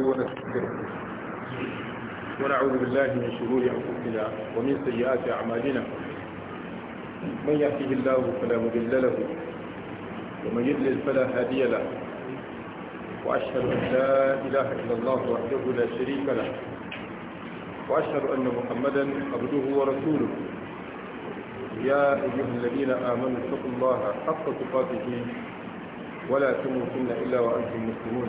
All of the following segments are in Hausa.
ونستغفره ونعوذ بالله من شرور أنفسنا ومن سيئات أعمالنا من يهده الله فلا مضل له ومن يضلل فلا هادي له وأشهد أن لا إله إلا الله وحده لا شريك له وأشهد أن محمدا عبده ورسوله يا أيها الذين آمنوا اتقوا الله حق تقاته ولا تموتن إلا وأنتم مسلمون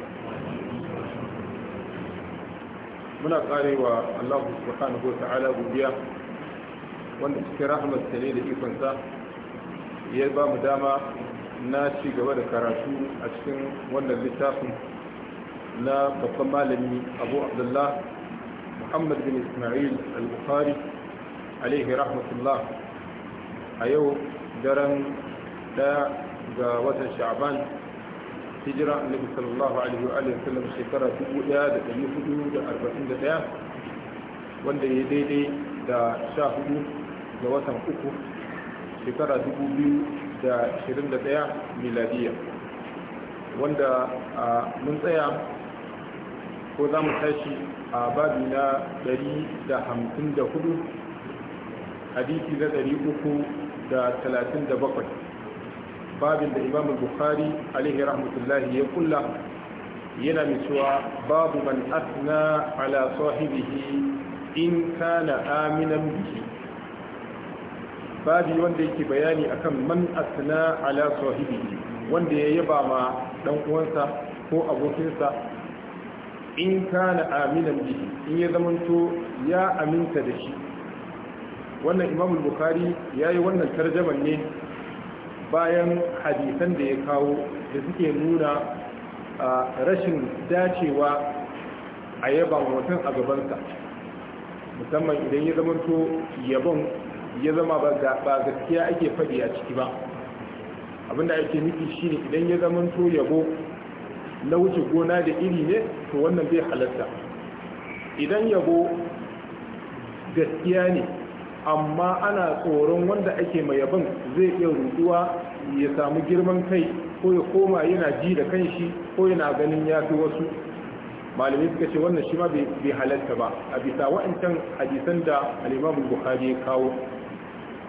muna karewa Allah subhanahu wa ta'ala godiya wanda cikin rahmat ta ne da ikonsa ya ba mu dama na ci gaba da karatu a cikin wannan littafin na babban malami Abu Abdullah Muhammad bin Ismail al-Bukhari alaihi rahmatullah a yau daren daya ga watan Sha'ban hijira annabi sallallahu alaihi wa alihi wasallam shekara 1441 wanda ya daidai da 14 ga watan uku shekara 2021 miladiya wanda mun tsaya ko za mu tashi a babi na 154 hadisi na 337 babin da imam bukhari alaihi rahmatullahi ya kulla yana mai cewa babu man asna ala sahibihi in kana aminan bihi babi wanda yake bayani akan man asna ala sahibihi wanda ya yaba ma dan uwansa ko abokinsa in kana aminan bihi in ya zamanto ya aminta da shi wannan imamul bukhari yayi wannan tarjaman ne bayan hadisan da ya kawo da suke nuna rashin dacewa a yaban mutum a gabansa musamman idan ya to yabon ya zama ba gaskiya ake faɗi a ciki ba abinda ake nufi ne idan ya zamanto yabo na wuce gona da iri ne to wannan zai halatta idan yabo gaskiya ne amma ana tsoron wanda ake mai yabon zai iya rutuwa ya samu girman kai ko ya koma yana ji da kanshi ko yana ganin ya fi wasu malamai suka ce wannan shi ma bai halatta ba a bisa wa'ancan hadisan da al'imamu bukari ya kawo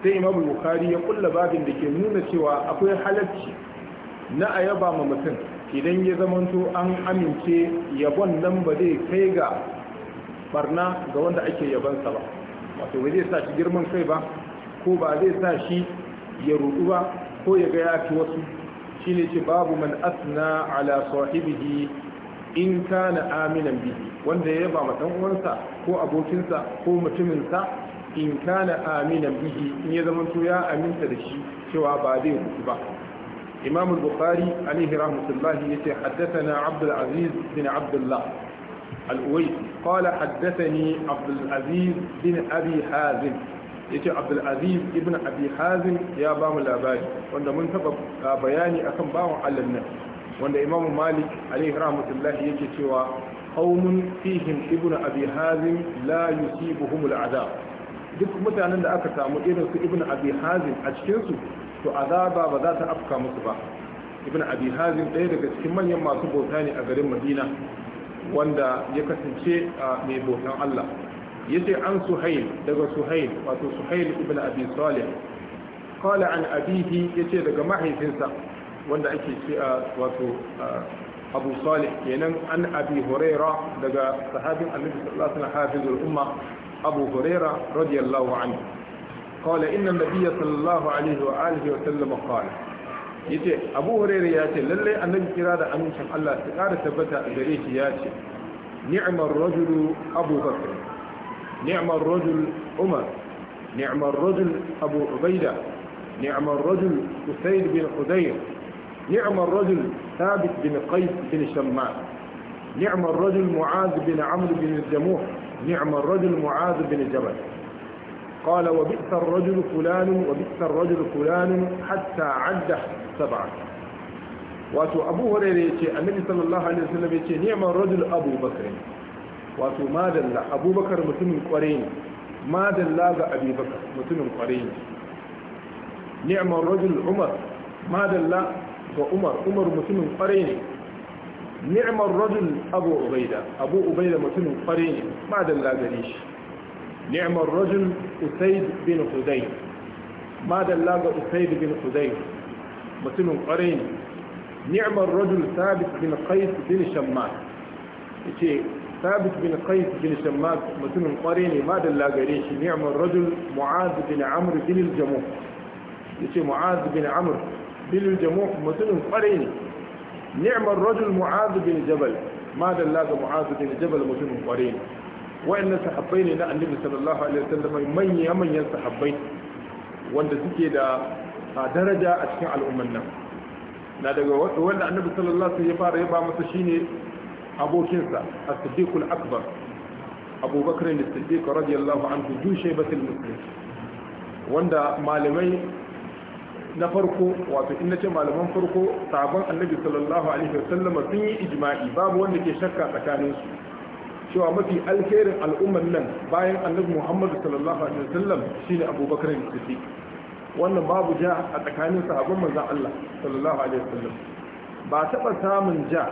sai imamu bukari ya kulla babin da ke nuna cewa akwai halarci na a yaba ma mutum idan ya zamanto an amince yabon nan ba zai kai ga barna ga wanda ake yabansa ba wato ba zai sa shi girman kai ba ko ba zai sa shi ya rudu ba ko ya ga ya fi wasu shi ne ce babu man asna ala sahibihi in kana aminan bihi wanda ya yaba ma uwansa ko abokinsa ko mutuminsa in kana aminan bihi in ya zama to ya aminta da shi cewa ba zai rudu ba imam al-bukhari alaihi rahmatullahi yace haddathana abdul aziz bin abdullah al'uwai قال حدثني عبد العزيز bin أبي حازم yace Abdul Aziz ibn Abi Hazim ya ba mu labari wanda mun taba bayani akan bawon Allah nan wanda Imam Malik alaihi yake cewa qaumun fihim ibn Abi Hazim la yusibuhum al'adab duk mutanen da aka samu irin su ibn Abi Hazim a cikinsu to azaba ba za ta afka musu ba ibn Abi Hazim ɗaya daga cikin manyan masu bauta ne a garin Madina wanda ya kasance a mai bautan Allah yace an suhail daga suhail wato suhail ibn abi salih qala an abihi yace daga mahaifinsa wanda ake ce wato abu salih kenan an abi huraira daga sahabin annabi sallallahu alaihi wasallam hafizul umma abu huraira radiyallahu anhu qala inna nabiyya sallallahu alaihi wa alihi wa sallam qala yace Abu Hurairah yace lalle annabi kira da amincin Allah ta ƙara tabbata a gare shi ya ni'mar rajul Abu Bakr ni'mar rajul Umar ni'mar rajul Abu Ubaida ni'mar rajul Usayd bin Hudayr ni'mar rajul Thabit bin Qais bin Shamma ni'mar rajul muaz bin amr bin jamuh ni'mar rajul muaz bin jabal قال وبئس الرجل فلان وبئس الرجل فلان حتى عد sab'a wato abu hurairah yace annabi sallallahu alaihi wasallam yace ni'mar rajul abu bakr wato madalla abubakar mutumin kware ne madalla ga abubakar mutumin kware ne ni'mar rajul umar madalla ga umar umar mutumin kware ne ni'mar rajul abu ubaida abu ubaida mutumin kware ne madalla gare shi ni'mar rajul Usaid bin hudayn madalla ga Usaid bin hudayn mutumin kwarai ne ni'mar rajul sabit bin qais bin shammas yace sabit bin qais bin shammas mutumin kwarai ne ma dalla gare shi ni'mar rajul mu'az bin amr bin al-jamuh yace mu'az bin amr bin al-jamuh mutumin kwarai ne ni'mar rajul mu'az bin jabal ma dalla ga mu'az bin jabal mutumin kwarai ne wa'annan sahabbai ne na annabi sallallahu alaihi wasallam manyan manyan sahabbai wanda suke da a daraja a cikin al'umman nan na daga wanda annabi sallallahu alaihi ya fara yaba masa shine abokinsa as-siddiqul akbar abubakar as-siddiq radiyallahu anhu ju shaybatul muslim wanda malamai na farko wato in nace malaman farko sabon annabi sallallahu alaihi wasallam sun yi ijma'i babu wanda ke shakka tsakanin su cewa mafi alkhairin al'umman nan bayan annabi Muhammad sallallahu alaihi wasallam shine abubakar as-siddiq wannan babu ja a tsakanin sahabban manzon Allah sallallahu alaihi wasallam ba taba samun ja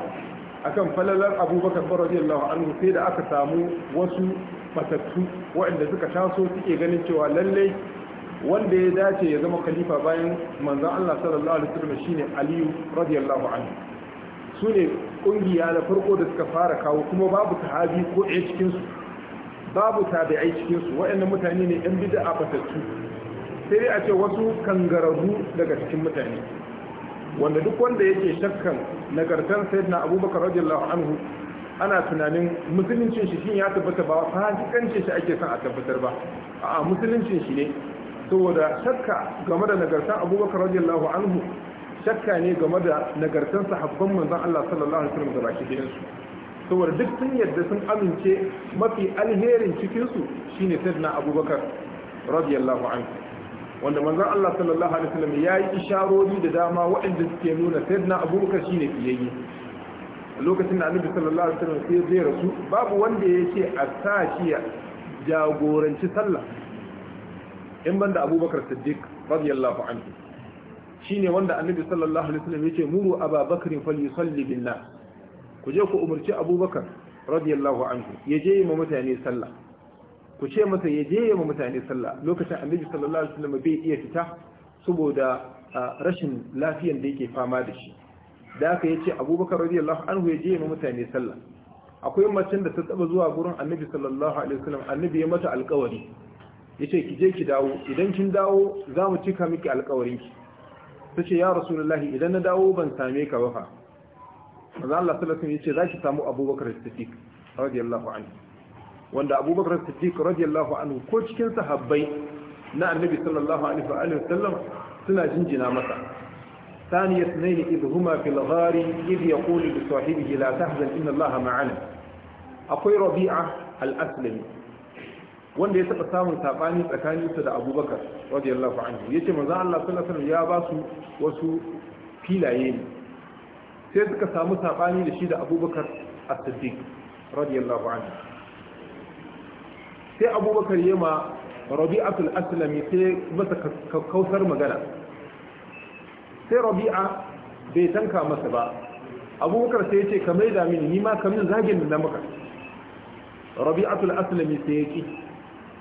akan falalar abubakar radiyallahu anhu sai da aka samu wasu matattu waɗanda suka taso suke ganin cewa lallai wanda ya dace ya zama khalifa bayan manzon Allah sallallahu alaihi wasallam shine Aliyu radiyallahu anhu su kungiya da farko da suka fara kawo kuma babu sahabi ko a cikin su babu tabi'ai cikin su waɗannan mutane ne ɗan bid'a matattu. sai dai a ce wasu kangararru daga cikin mutane wanda duk wanda yake shakkan nagartar sayyidina abubakar radiyallahu anhu ana tunanin musuluncin shi shin ya tabbata ba hankali shi ake son a tabbatar ba a musuluncin shi ne saboda shakka game da nagartar abubakar radiyallahu anhu shakka ne game da nagartar sahabban manzon Allah sallallahu alaihi wasallam gabaki da su saboda duk sun yadda sun amince mafi alherin cikin su shine sayyidina abubakar radiyallahu anhu wanda manzon Allah sallallahu alaihi wasallam ya yi isharori da dama waɗanda suke nuna sayyidina abubakar shine fiyayye lokacin da annabi sallallahu alaihi wasallam sai zai rasu babu wanda ce a sa shi jagoranci sallah in banda abubakar siddiq radiyallahu anhu shine wanda annabi sallallahu alaihi wasallam yace muru ababakar falyusalli bin nas ku je ku umarci abubakar radiyallahu anhu ya je yi mutane sallah ku ce masa ya je ya mutane sallah lokacin annabi sallallahu alaihi wasallam bai iya fita saboda rashin lafiyan da yake fama da shi da aka yace abubakar radiyallahu anhu ya je ya mutane sallah akwai macen da ta taba zuwa gurin annabi sallallahu alaihi wasallam annabi ya mata alƙawari yace ki je ki dawo idan kin dawo za mu cika miki alƙawarin ki Ta ce ya rasulullahi idan na dawo ban same ka ba fa manzo Allah sallallahu alaihi wasallam yace zaki samu abubakar siddiq radiyallahu anhu wanda abubakar siddiq radiyallahu anhu ko cikin sahabbai na annabi sallallahu alaihi wa alihi suna jinjina masa ثانية اثنين إذ هما في الغار إذ يقول لصاحبه لا تحزن إن الله معنا أقوي ربيعة الأسلمي wanda ya taɓa samun saɓani tsakanin su da abubakar radiyallahu anhu ya ce maza Allah sallallahu alaihi ya basu wasu filaye ne sai suka samu saɓani da shi da abubakar as-siddiq radiyallahu anhu sai abubakar yema rabi'atul aslami sai masa kausar magana sai rabi'a bai tanka masa ba abubakar sai ya ce ka maida mini ni ma kamin zagin da maka rabi'atul aslami sai ya ki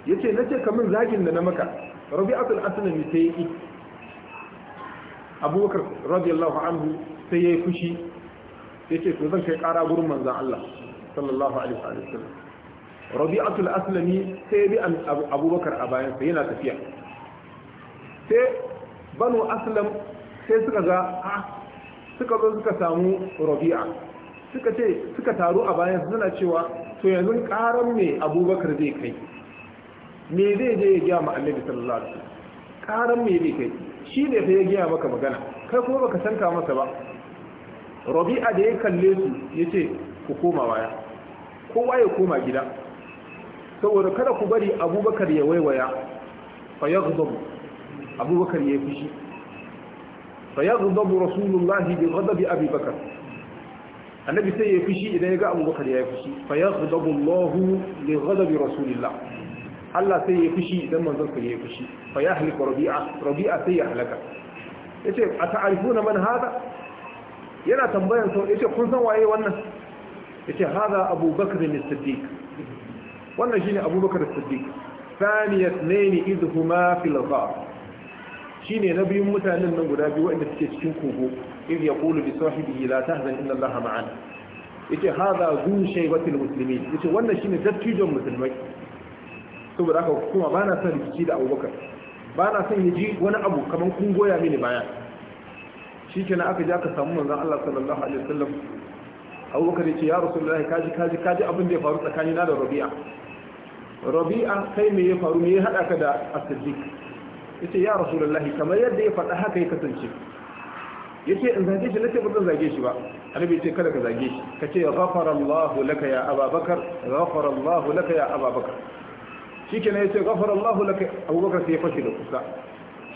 ya ce na ce kamin zagin da na maka rabi'atul aslami sai ya ki abubakar radiyallahu anhu sai ya yi fushi ya ce to zan kai kara gurin manzan Allah sallallahu alaihi wa sallam rabi'atul aslami sai bi abubakar a bayansa yana tafiya sai banu aslam sai suka ga a ah, suka zo suka samu rabi'a suka ce suka taru a bayansa suna cewa to yanzu karan me abubakar zai kai me zai je ya gaya ma annabi sallallahu alaihi wasallam karan me zai kai shi ne sai ya gaya maka magana kai kuma baka sanka masa ba rabi'a da ya kalle su yace ku koma waya kowa ya koma gida saboda kada ku bari abubakar ya waiwaya fa yaghdabu abubakar ya fushi fa yaghdabu rasulullahi bi ghadabi abi annabi sai ya fushi idan ya ga abubakar ya fushi fa yaghdabu allah li ghadabi rasulillah Allah sai ya fushi idan manzon sa ya fushi fa yahliku rabi'a rabi'a sai ya halaka yace a ta'rifuna man hada yana tambayan sau yace kun san waye wannan yace hada abubakar ne siddiq wannan shine abubakar siddiq saniyat nayni idhuma fil ghar shine na biyun mutanen nan guda biyu wanda suke cikin kogo idh yaqulu bi sahibihi la tahzan inna allaha ma'ana yace hada zu shaybatil muslimin yace wannan shine dattijon musulmai saboda haka kuma bana son rikici da abubakar bana son yaji wani abu kaman kun goya mini baya shikenan aka ji aka samu manzon Allah sallallahu alaihi ya ce ya Rasulullahi kaji kaji kaji abin ya faru tsakanina da Rabi'a rabi'an sai me ya faru me ya hada ka da as-siddiq yace ya rasulullahi kamar yadda ya faɗa haka ya kasance yace in zage shi nace ba zage shi ba annabi yace kada ka zage shi kace ghafara Allah laka ya Ababakar ghafara Allah laka ya Ababakar shikenan yace ghafara Allah laka Abubakar sai ya fashi da kusa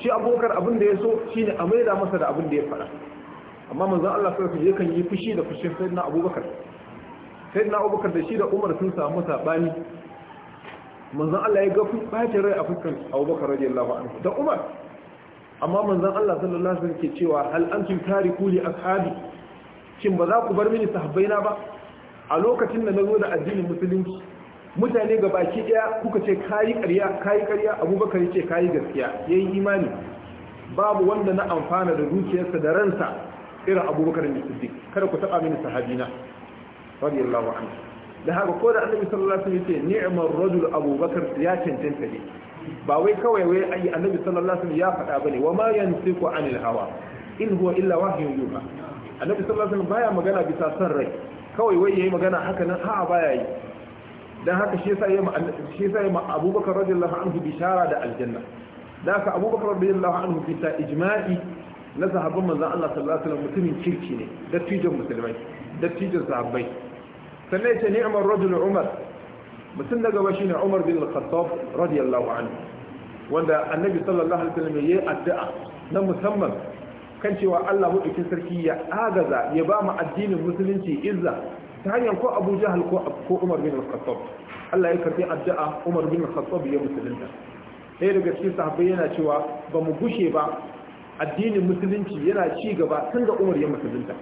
shi Abubakar abin da ya so shine a maida masa da abin da ya faɗa amma manzon Allah sai ya kan yi fushi da fushin sayyidina Abubakar sayyidina Abubakar da shi da Umar sun samu sabani manzon Allah ya ga bacin rai a fuskan Abubakar radiyallahu anhu da Umar amma manzon Allah sallallahu alaihi wasallam ke cewa hal antum tariku li ashabi shin ba za ku bar mini sahabbaina ba a lokacin da nazo da addinin musulunci mutane ga baki daya kuka ce kayi ƙarya kayi ƙarya Abubakar ya ce kayi gaskiya yi imani babu wanda na amfana da dukiyarsa da ransa irin Abubakar ne Siddiq kada ku taba mini sahabina radiyallahu anhu da haka ko da annabi sallallahu alaihi wasallam yace ni'mar rajul abubakar ya cancanta ne ba wai kawai wai ai annabi sallallahu alaihi wasallam ya faɗa bane wa ma yantiqu anil hawa in huwa illa wahyu yuha annabi sallallahu alaihi wasallam baya magana bisa san rai kawai wai yayi magana haka nan ha baya yi dan haka shi yasa yayi shi yasa yayi abubakar radiyallahu anhu bishara da aljanna dan haka abubakar radiyallahu anhu ta ijma'i na sahabban manzon Allah sallallahu alaihi wasallam mutumin kirki ne dattijan musulmai dattijan sahabbai sannan ya ce ni'mar rajul umar mutum na gaba ne umar bin al-khattab radiyallahu anhu wanda annabi sallallahu alaihi wasallam yayi addu'a na musamman kan cewa Allah madaukakin sarki ya agaza ya ba mu addinin musulunci izza ta hanyar ko Abu Jahal ko ko Umar bin al-Khattab Allah ya karbi addu'a Umar bin al-Khattab ya musulunta ɗaya daga cikin sahabbai yana cewa ba mu gushe ba addinin musulunci yana ci gaba tun da Umar ya musulunta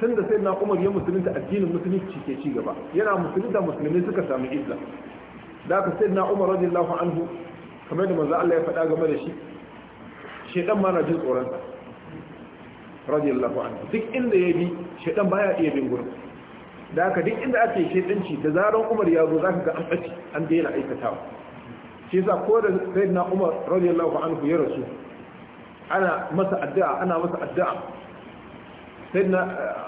tun da sai na umar ya musulunta addinin musulunci ke ci gaba yana musulunta musulmi suka samu izza da ka sai na umar radiyallahu anhu kamar da manzo Allah ya faɗa game da shi shedan ma na jin tsoron sa radiyallahu anhu duk inda ya bi shedan baya iya bin gurin da ka duk inda ake shedanci da zaran umar ya zo zaka ga an tsaci an daina aikatawa shi yasa ko da na umar radiyallahu anhu ya rasu ana masa addu'a ana masa addu'a sai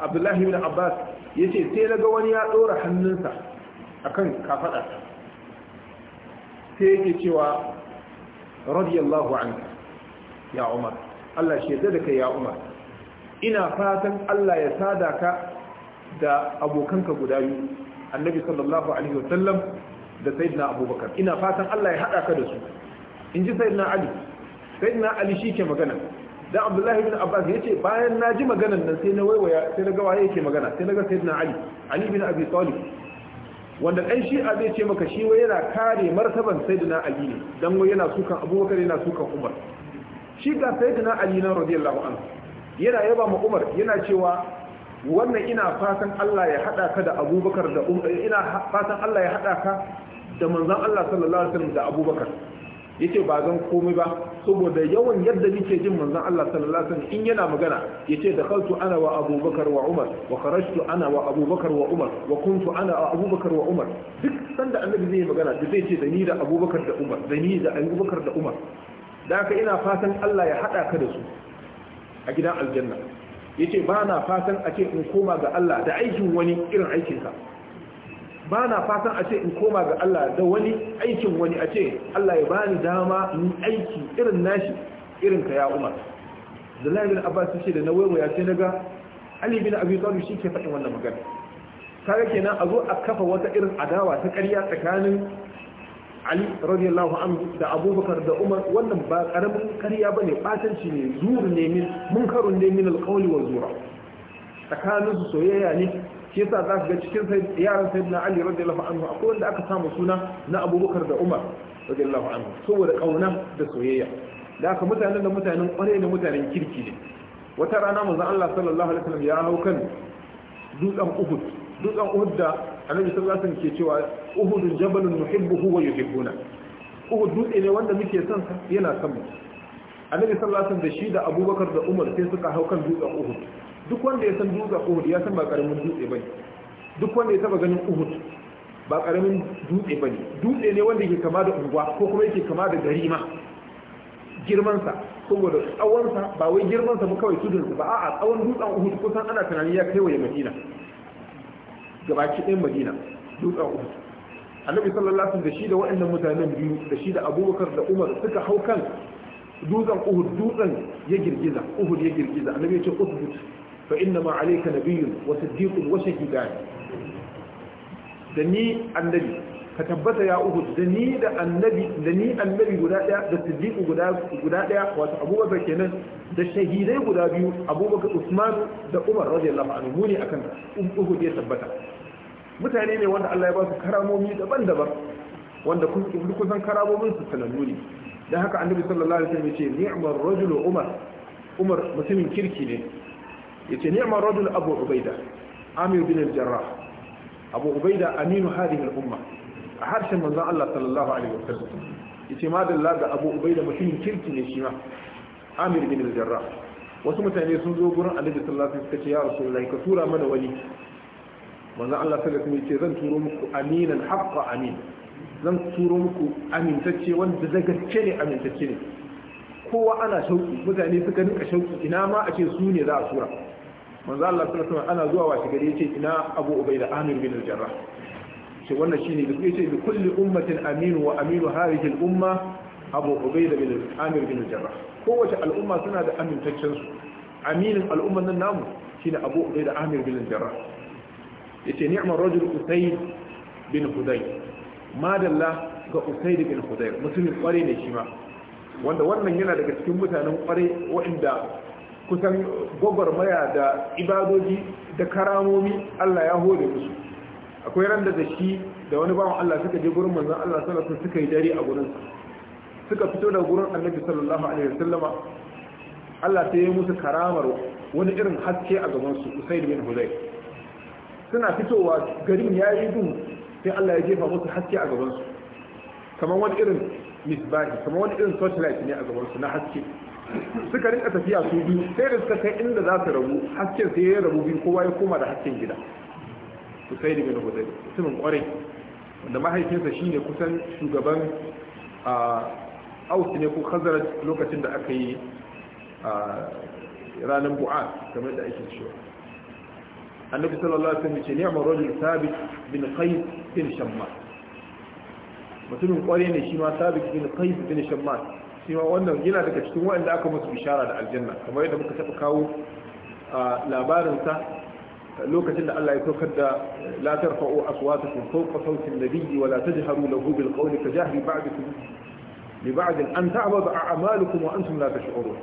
abdullahi bin abbas ya ce sai na ga wani ya ɗora hannunsa a kan kafaɗa sai yake cewa radiyallahu anka ya umar allah shi yadda da kai ya umar ina fatan allah ya sada ka da abokanka guda biyu annabi sallallahu alaihi wasallam da sayyidina abubakar ina fatan allah ya hada ka da su in ji sayyidina ali sayyidina ali shi ke magana dan abdullahi ibn abbas ce, bayan na ji maganar nan sai na waiwaya sai na ga waye yake magana sai na ga sayyidina ali ali bin abi talib wanda dan shi'a zai ce maka shi wai yana kare martaban sayyidina ali ne dan wai yana sukan abubakar yana sukan umar shi ga sayyidina ali na radiyallahu anhu yana yaba ma umar yana cewa wannan ina fatan Allah ya hada ka da abubakar da Umar, ina fatan Allah ya hada ka da manzon Allah sallallahu alaihi wasallam da abubakar yace ba zan komai ba saboda yawan yadda nake jin manzon Allah sallallahu alaihi wasallam in yana magana yace dakhaltu ana wa Abubakar wa Umar wa kharajtu ana wa Abubakar wa Umar wa kuntu ana wa Abubakar wa Umar duk sanda annabi zai magana da zai ce da ni da Abubakar da Umar da ni da Abubakar da Umar da haka ina fatan Allah ya hada ka da su a gidan aljanna yace ba na fatan a ce in koma ga Allah da aikin wani irin aikinka ba na fatan a ce in koma ga Allah da wani aikin wani a ce Allah ya bani dama in aiki irin nashi irin ka ya umar da lahirin abbas ce da na waiwaya sai na ga ali bin abi talib shi ke faɗin wannan magana kaga kenan a zo a kafa wata irin adawa ta ƙarya tsakanin ali radiyallahu anhu da abubakar da umar wannan ba karamin ƙarya bane batanci ne zuru ne min munkarun ne min alqawli wa zura tsakanin su soyayya ne shi yasa za ga cikin yaran na ali radiyallahu anhu akwai wanda aka samu suna na abubakar da umar radiyallahu anhu saboda kauna da soyayya da aka mutanen da mutanen kware da mutanen kirki ne wata rana manzon Allah sallallahu alaihi wasallam ya hau kan dutsen Uhud dutsen Uhud da Annabi sallallahu alaihi wasallam ke cewa Uhudun jabalun nuhibbuhu wa yuhibbuna Uhud dutse ne wanda muke son sa yana son mu Annabi sallallahu alaihi wasallam da shi da Abubakar da Umar sai suka hau kan dutsen Uhud duk wanda ya san dutsen uhud ya san ba karamin dutse ba duk wanda ya taba ganin uhud ba karamin dutse ba dutse ne wanda yake kama da unguwa ko kuma yake kama da gari ma girmansa saboda tsawonsa ba wai girmansa ba kawai tudunsa ba a tsawon dutsen uhud kusan ana tunanin ya kai waye madina gabaki ɗayan madina dutsen uhud annabi sallallahu alaihi da shi da waɗannan mutanen biyu da shi da abubakar da umar suka hau kan dutsen uhud dutsen ya girgiza uhud ya girgiza annabi ya ce uhud fa inna ma alayka nabiyyun wa siddiqun wa shahidan da ni annabi ka tabbata ya uku da ni da annabi da ni annabi guda daya da siddiqu guda guda wato abubakar kenan da shahidai guda biyu abubakar usman da umar muni tabbata mutane ne wanda Allah ya ba su karamomi daban-daban wanda kun kusan karamomin su sanannu ne dan haka annabi sallallahu alaihi wasallam ya ce ni'mar rajulu umar umar mutumin kirki ne yace ni'ma rajul abu ubaida amir bin al-jarrah abu ubaida aminu hadhihi al-umma a harshen manzon Allah sallallahu alaihi wasallam yace ma dalla ga abu ubaida mutumin kirki ne shi ma amir bin al-jarrah wasu mutane sun zo gurin annabi sallallahu alaihi wasallam suka ce ya rasulullahi ka tura mana wani manzo Allah sallallahu alaihi wasallam ce zan turo muku aminan haqqa amin zan turo muku amintacce wanda da gaske ne amintacce ne kowa ana shauki mutane suka rinka shauki ina ma a ce su ne za a tura manzo Allah sallallahu alaihi ana zuwa wasu gari yace ina Abu Ubaida Amir bin al-Jarrah ce wannan shine da yace bi kulli ummatin aminu wa aminu hadhihi al-umma Abu Ubaida bin Amir bin al-Jarrah kowace al'umma suna da amintaccen su aminin al'umman nan namu shine Abu Ubaida Amir bin al-Jarrah yace ni'mar rajul Usayd bin Hudayr madalla ga Usayd bin Hudayr mutumin kware ne shi ma wanda wannan yana daga cikin mutanen kware waɗanda kusan gwagwarmaya da ibadoji da karamomi Allah ya hore musu akwai ran da shi da wani bawan Allah suka je gurin manzon Allah sallallahu alaihi suka yi dare a gurin suka fito da gurin Annabi sallallahu alaihi wasallama Allah ta yi musu karamar wani irin haske a gaban su Usaid bin Hudayr suna fitowa garin yayi dun sai Allah ya jefa musu haske a gaban su kamar wani irin misbahi kamar wani irin torchlight ne a gaban su na haske suka rinka tafiya su biyu sai da suka kai inda za su rabu hasken sai ya rabu biyu kowa ya koma da hasken gida sai da bin hudai mutumin kwarai wanda mahaifinsa shi ne kusan shugaban aus ne ko khazaraj lokacin da aka yi ranar bu'a kamar da ake cewa annabi sallallahu alaihi wasallam ce amma rajul sabit bin qais bin shammat mutumin kware ne shi ma sabit bin qais bin shammat shi wannan yana daga cikin waɗanda aka musu bishara da aljanna kamar yadda muka taɓa kawo labarinsa lokacin da Allah ya tokar da la tarfa'u aswatakum fawqa sawti an-nabiyyi wa la tajharu lahu bil qawli ka jahri ba'dikum li ba'd an ta'budu a'malukum wa antum la tash'urun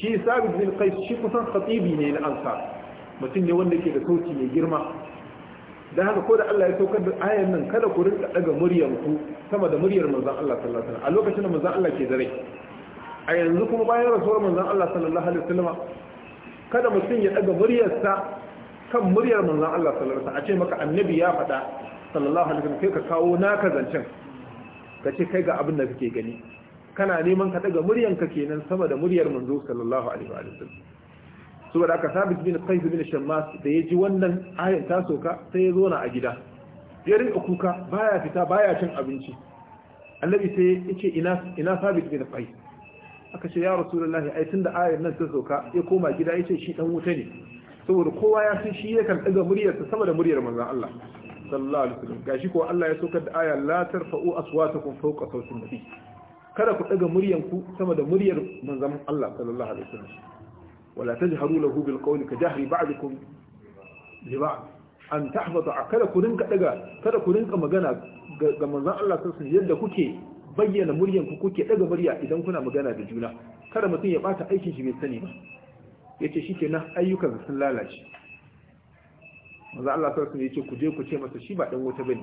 shi sabit bin qais shi kusan khatibi ne na ansar mutum ne wanda ke da sauti mai girma da haka ko da Allah ya saukar da ayan nan kada ku rinka daga muryar ku sama da muryar manzon Allah sallallahu alaihi wasallam a lokacin da manzon Allah ke da rai a yanzu kuma bayan rasuwar manzon Allah sallallahu alaihi wasallam kada mutum ya daga muryarsa kan muryar manzon Allah sallallahu alaihi wasallam a ce maka annabi ya faɗa sallallahu alaihi wasallam kai ka kawo naka zancen ka ce kai ga abin da kake gani kana neman ka daga muryanka kenan sama da muryar manzo sallallahu alaihi wasallam saboda aka sabit bin qais bin shammas da ya ji wannan ayan ta soka sai ya zona a gida ya rinka kuka baya fita baya cin abinci annabi sai ya ce ina ina sabit bin kai aka ce ya rasulullahi ai tunda ayan nan ta soka ya koma gida ya ce shi dan wuta ne saboda kowa ya san shi kan daga muryar sa sama da muryar manzon Allah sallallahu alaihi wasallam gashi ko Allah ya saukar da aya la tarfa'u aswatakum fawqa sawti nabi kada ku daga muryanku sama da muryar manzon Allah sallallahu alaihi wasallam ولا تجهروا له بالقول كجهر بعضكم لبعض an tahbata a kada ku rinka daga kada ku rinka magana ga manzan Allah sallallahu yadda kuke bayyana muryan ku kuke daga murya idan kuna magana da juna kada mutum ya bata aikin shi bai sani ba yace shi shikenan ayyukan sun lalace manzan Allah sallallahu alaihi yace ku je ku ce masa shi ba dan wuta bane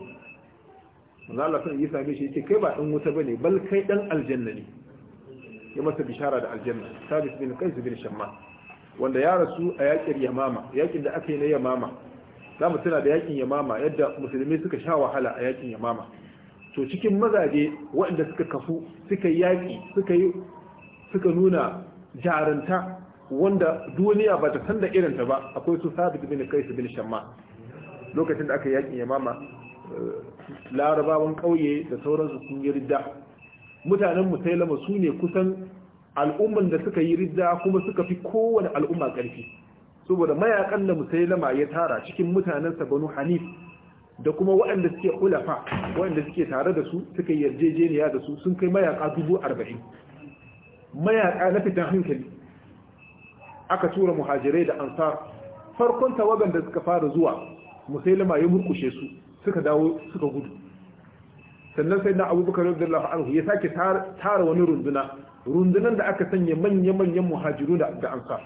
manzan Allah sallallahu alaihi same shi yace kai ba dan wuta bane bal kai dan aljanna ne ya masa bishara da aljanna sabis bin qais bin shamma wanda ya rasu a yakin yamama yakin da aka yi na yamama za mu tuna da yakin yamama yadda musulmi suka sha wahala a yakin yamama to cikin mazaje waɗanda suka kafu suka yaki suka nuna jaranta wanda duniya ba ta san da irinta ba akwai su sabit bin kais bin shamma lokacin da aka yakin yamama eh, larabawan ƙauye da sauransu sun yi ridda mutanen musailama su ne kusan al'ummar da suka yi ridda kuma suka fi kowane al'umma ƙarfi saboda mayakan da musailama ya tara cikin mutanensa banu hanif da kuma waɗanda suke hulafa waɗanda suke tare da su suka yi yarjejeniya da su sun kai mayaka dubu arba'in mayaka na fitan hankali aka tura muhajirai da ansar farkon tawagan da suka fara zuwa musailama ya murkushe su suka dawo suka gudu sannan sai na abubakar radiyallahu anhu ya sake tara wani runduna rundunan da aka sanya manya-manyan muhajiru da ansar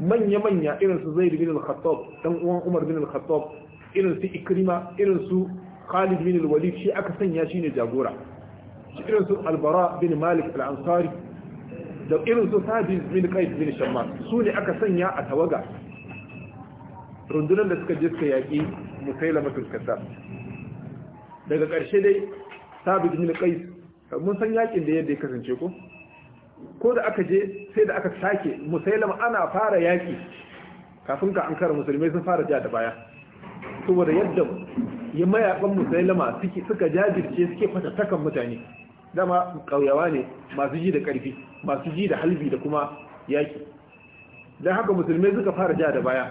manya-manya irin su zaid bin al-khattab dan uwan umar bin al-khattab irin su ikrima irin su khalid bin al-walid shi aka sanya shi ne jagora irin su albara bin malik al-ansari da irin su sabis bin qais bin shammas su ne aka sanya a tawaga rundunan da suka je suka yaƙi musailamatul kazzab daga ƙarshe dai sabit bin qais mun san yakin da yadda ya kasance ko ko da aka je sai da aka sake musailama ana fara yaki kafin ka ankara musulmai sun fara ja da baya saboda yadda ya mayakan musailama suka jajirce suke fatattakan mutane dama kauyawa ne masu ji da karfi masu ji da halbi da kuma yaki don haka musulmai suka fara ja da baya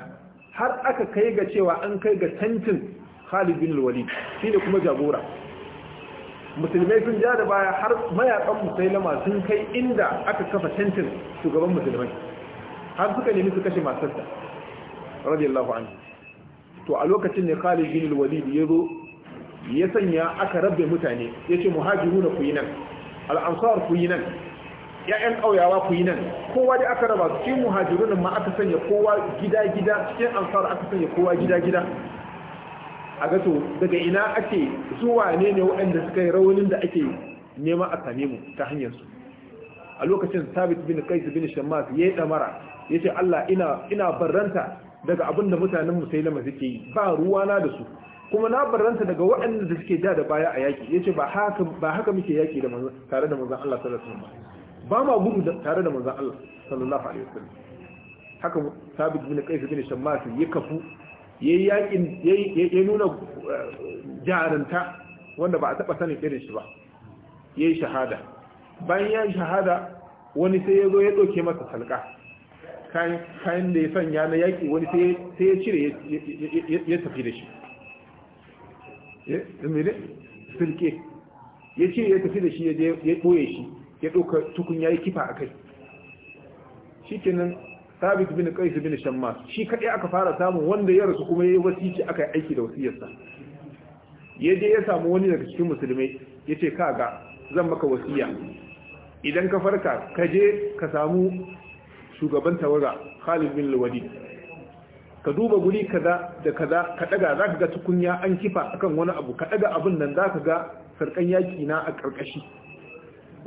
har aka kai ga cewa an kai ga tantin Khalid bin Walid shine kuma jagora musulmai sun ja da baya har mayakan musailama sun kai inda aka kafa tentin shugaban musulmai har suka nemi su kashe matarsa radiyallahu anhu to a lokacin ne Khalid bin Walid ya zo ya sanya aka rabbe mutane yace muhajiruna ku yi nan al-ansar ku yi nan ‘ya'yan ƙauyawa ku yi nan kowa da aka raba cikin muhajirun ma aka sanya kowa gida-gida cikin ansar aka sanya kowa gida-gida a ga to daga ina ake zuwa ne ne waɗanda suka yi raunin da ake nema a same mu ta hanyar su a lokacin sabit bin kais bin shammas yayi damara yace Allah ina ina barranta daga abin da mutanen musailama suke yi ba ruwana da su kuma na barranta daga waɗanda da suke da da baya a yaki yace ba haka ba haka muke yaki da tare da manzon Allah sallallahu alaihi wasallam ba ma gudu tare da manzon Allah sallallahu alaihi wasallam haka sabit bin kais bin shammas ya kafu yayi yakin yayi nuna eh, jarunta wanda ba a taba sanin irin shi ba yayi shahada bayan yayi shahada wani sai ya zo ya dauke masa salka kayan da ya sanya na yaki wani sai ya cire ya tafi da shi eh, silke ya cire ya tafi da shi ya ɓoye shi ya ɗauka tukun ya yi kifa a kai shi kenan sabit bin qais bin shammas shi kadai aka fara samu wanda ya rasu kuma yayi wasici aka yi aiki da wasiyarsa ya je ya samu wani daga cikin musulmai yace kaga zan maka wasiya idan ka farka ka je ka samu shugaban tawaga Khalid bin Walid ka duba guri kaza da kaza ka daga zaka ga tukunya an kifa akan wani abu ka daga abin nan zaka ga sarkan yaki na a karkashi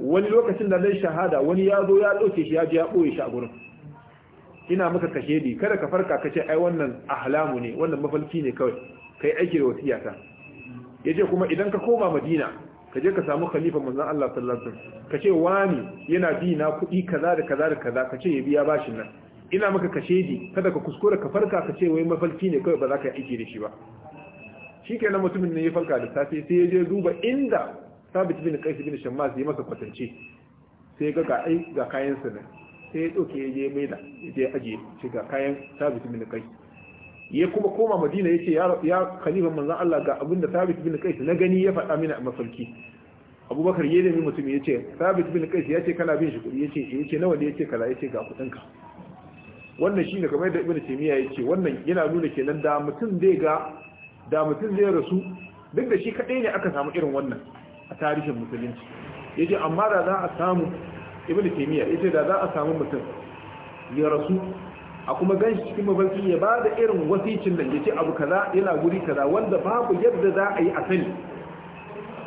wani lokacin da zai shahada wani ya zo ya dauke shi ya je ya boye shi a gurin ina maka kashedi kada ka farka ka ce ai wannan ahlamu ne wannan mafalki ne kawai kai aiki da wasiya ta yace kuma idan ka koma Madina ka je ka samu khalifa manzon Allah sallallahu alaihi wasallam ka ce wani yana bi na kuɗi kaza da kaza da kaza ka ce ya biya bashin nan ina maka kashedi kada ka kuskura ka farka ka ce wai mafalki ne kawai ba za ka yi aiki da shi ba shikenan mutumin ne ya farka da safe sai ya je duba inda Sabit bin Qais bin Shammas ya masa kwatance sai ga ga ai ga kayan sa ne sai ya ɗauke ya je maida ya je ajiye shiga kayan sabit bin kai ya kuma koma madina ya ce ya khalifa manzan Allah ga abin da sabit bin kai na gani ya faɗa mini a mafarki abubakar ya nemi mutum ya ce sabit bin kai ya ce kana bin shi kuɗi ya ce nawa ne ya ce kaza ya ce ga kuɗinka wannan shi ne kamar da ibn taymiya ya ce wannan yana nuna kenan da mutum zai ga da mutum zai rasu duk da shi kaɗai ne aka samu irin wannan a tarihin musulunci ya ce amma da za a samu ibnu taymiya yace da za a samu mutum ya rasu a kuma ganshi cikin mafarki ya ba da irin wasicin nan yace abu kaza yana guri kaza wanda babu yadda za a yi a sani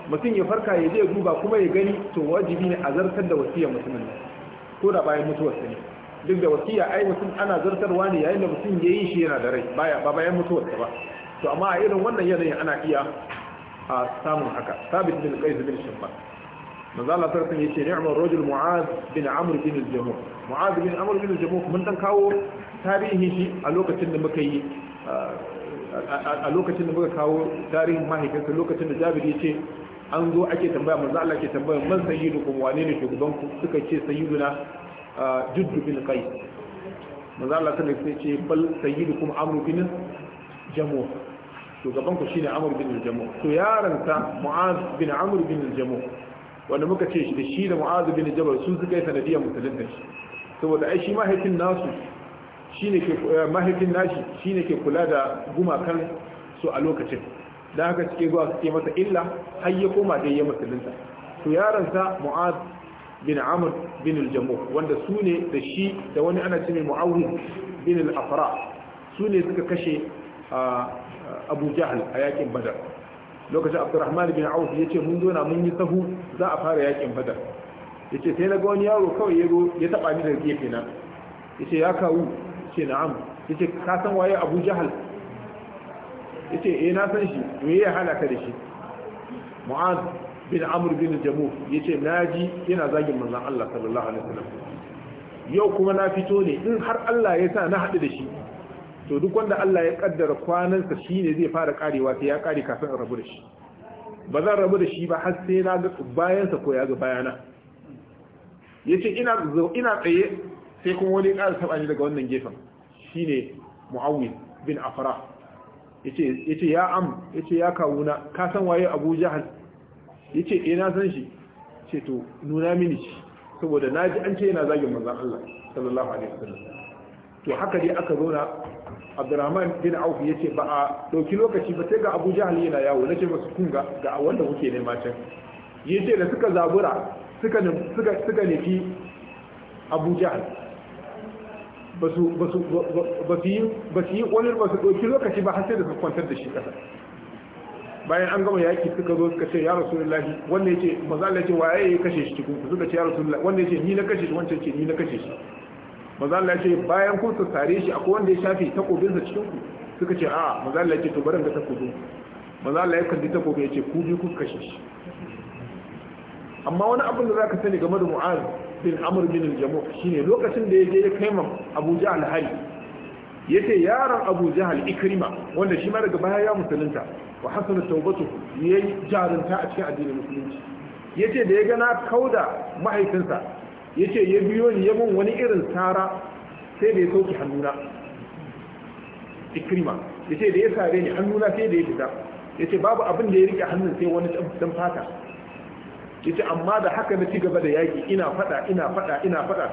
mutum ya farka ya je duba kuma ya gani to wajibi ne a zartar da wasiya mutumin nan ko da bayan mutuwar sa ne duk da wasiya ai mutum ana zartarwa ne yayin da mutum ya yi shi yana da rai baya ba bayan mutuwar sa ba to amma a irin wannan yanayin ana iya a samun haka sabit bin qais bin shimba manzo Allah sarkin yace ni'mar rajul mu'az bin amr bin al-jamuh mu'az bin amr bin al-jamuh mun dan kawo tarihi shi a lokacin da muka yi a lokacin da muka kawo tarihin mahaifinsa lokacin da Jabir yace an zo ake tambaya manzo Allah ke tambaya man sayyidukum wane ne shugaban ku suka ce sayyiduna juddu bin qais manzo Allah sai ya ce bal sayyidukum amr bin jamuh shugaban ku shine amr bin jamuh to yaron mu'az bin amr bin jamuh wanda muka ce shi da shi da mu'azu bin jabal sun suka yi sanadiyar musulunta shi saboda ai shi mahaifin nasu shine ke eh, mahaifin nashi shine ke kula da gumakan su a lokacin dan haka suke zuwa suke masa illa har ya koma dai ya musulunta to yaransa mu'az bin amr bin al-jamuh wanda su ne da shi da wani ana cewa mu'awwid bin al-afra su ne suka kashe ah, abu jahl a yakin badar lokacin abdurrahman bin auf ya ce mun na mun yi sahu za a fara yakin badar ya ce sai na ga wani yaro kawai ya ya taba ni da gefe na ya ce ya kawu ce na'am ya ce ka san waye abu jahal ya ce eh na san shi me ya halaka da shi mu'az bin amr bin jamu ya ce na yana zagin manzon allah sallallahu alaihi wasallam yau kuma na fito ne in har allah ya sa na haɗu da shi to duk wanda Allah ya kaddara kwanansa ne zai fara karewa sai ya kare kafin a rabu da shi ba zan rabu da shi ba har sai na ga bayansa ko ya ga bayana yace ina ina tsaye sai kuma wani ƙara saba ni daga wannan gefen shine Muawwid bin Afra yace yace ya am yace ya kawuna ka san waye Abu Jahal yace eh na san shi ce to nuna mini shi saboda naji an ce yana zagin manzon Allah sallallahu alaihi wasallam to haka dai aka zauna abdurrahman bin auf ya ce ba a ɗauki lokaci ba sai ga abu jahal yana yawo na ce masu kun ga wanda kuke nema can ya ce da suka zabura suka nufi abu jahal ba su yi wani ba su ɗauki lokaci ba har sai da su kwantar da shi ƙasa bayan an gama yaki suka zo suka ce ya rasulullahi wanda ya ce maza Allah ya ce waye ya kashe shi cikin ku suka ce ya rasulullahi wanda ya ce ni na kashe shi wancan ce ni na kashe shi Mazalla ce bayan kun su tare shi akwai wanda ya shafi takobinsa cikin ku suka ce a mazalla ya ce to barin da takobin manzo Allah ya kalli takobin ya ce ku bi ku kashe shi amma wani abin da zaka sani game da Mu'az bin Amr bin al shine lokacin da ya je ya kai ma Abu Jahl hari yace yaron Abu Jahl Ikrima wanda shi ma daga baya ya musulunta wa hasanat tawbatu yayi jarunta a cikin addinin musulunci yace da ya ga na kauda mahaifinsa ya ce ya biyo ni ya mun wani irin tsara sai da ya sauki hannuna ikrima ya ce da ya sare ni hannuna sai da ya fita ya ce babu abin da ya rike hannun sai wani dan fata ya ce amma da haka na ci gaba da yaƙi ina faɗa ina faɗa ina faɗa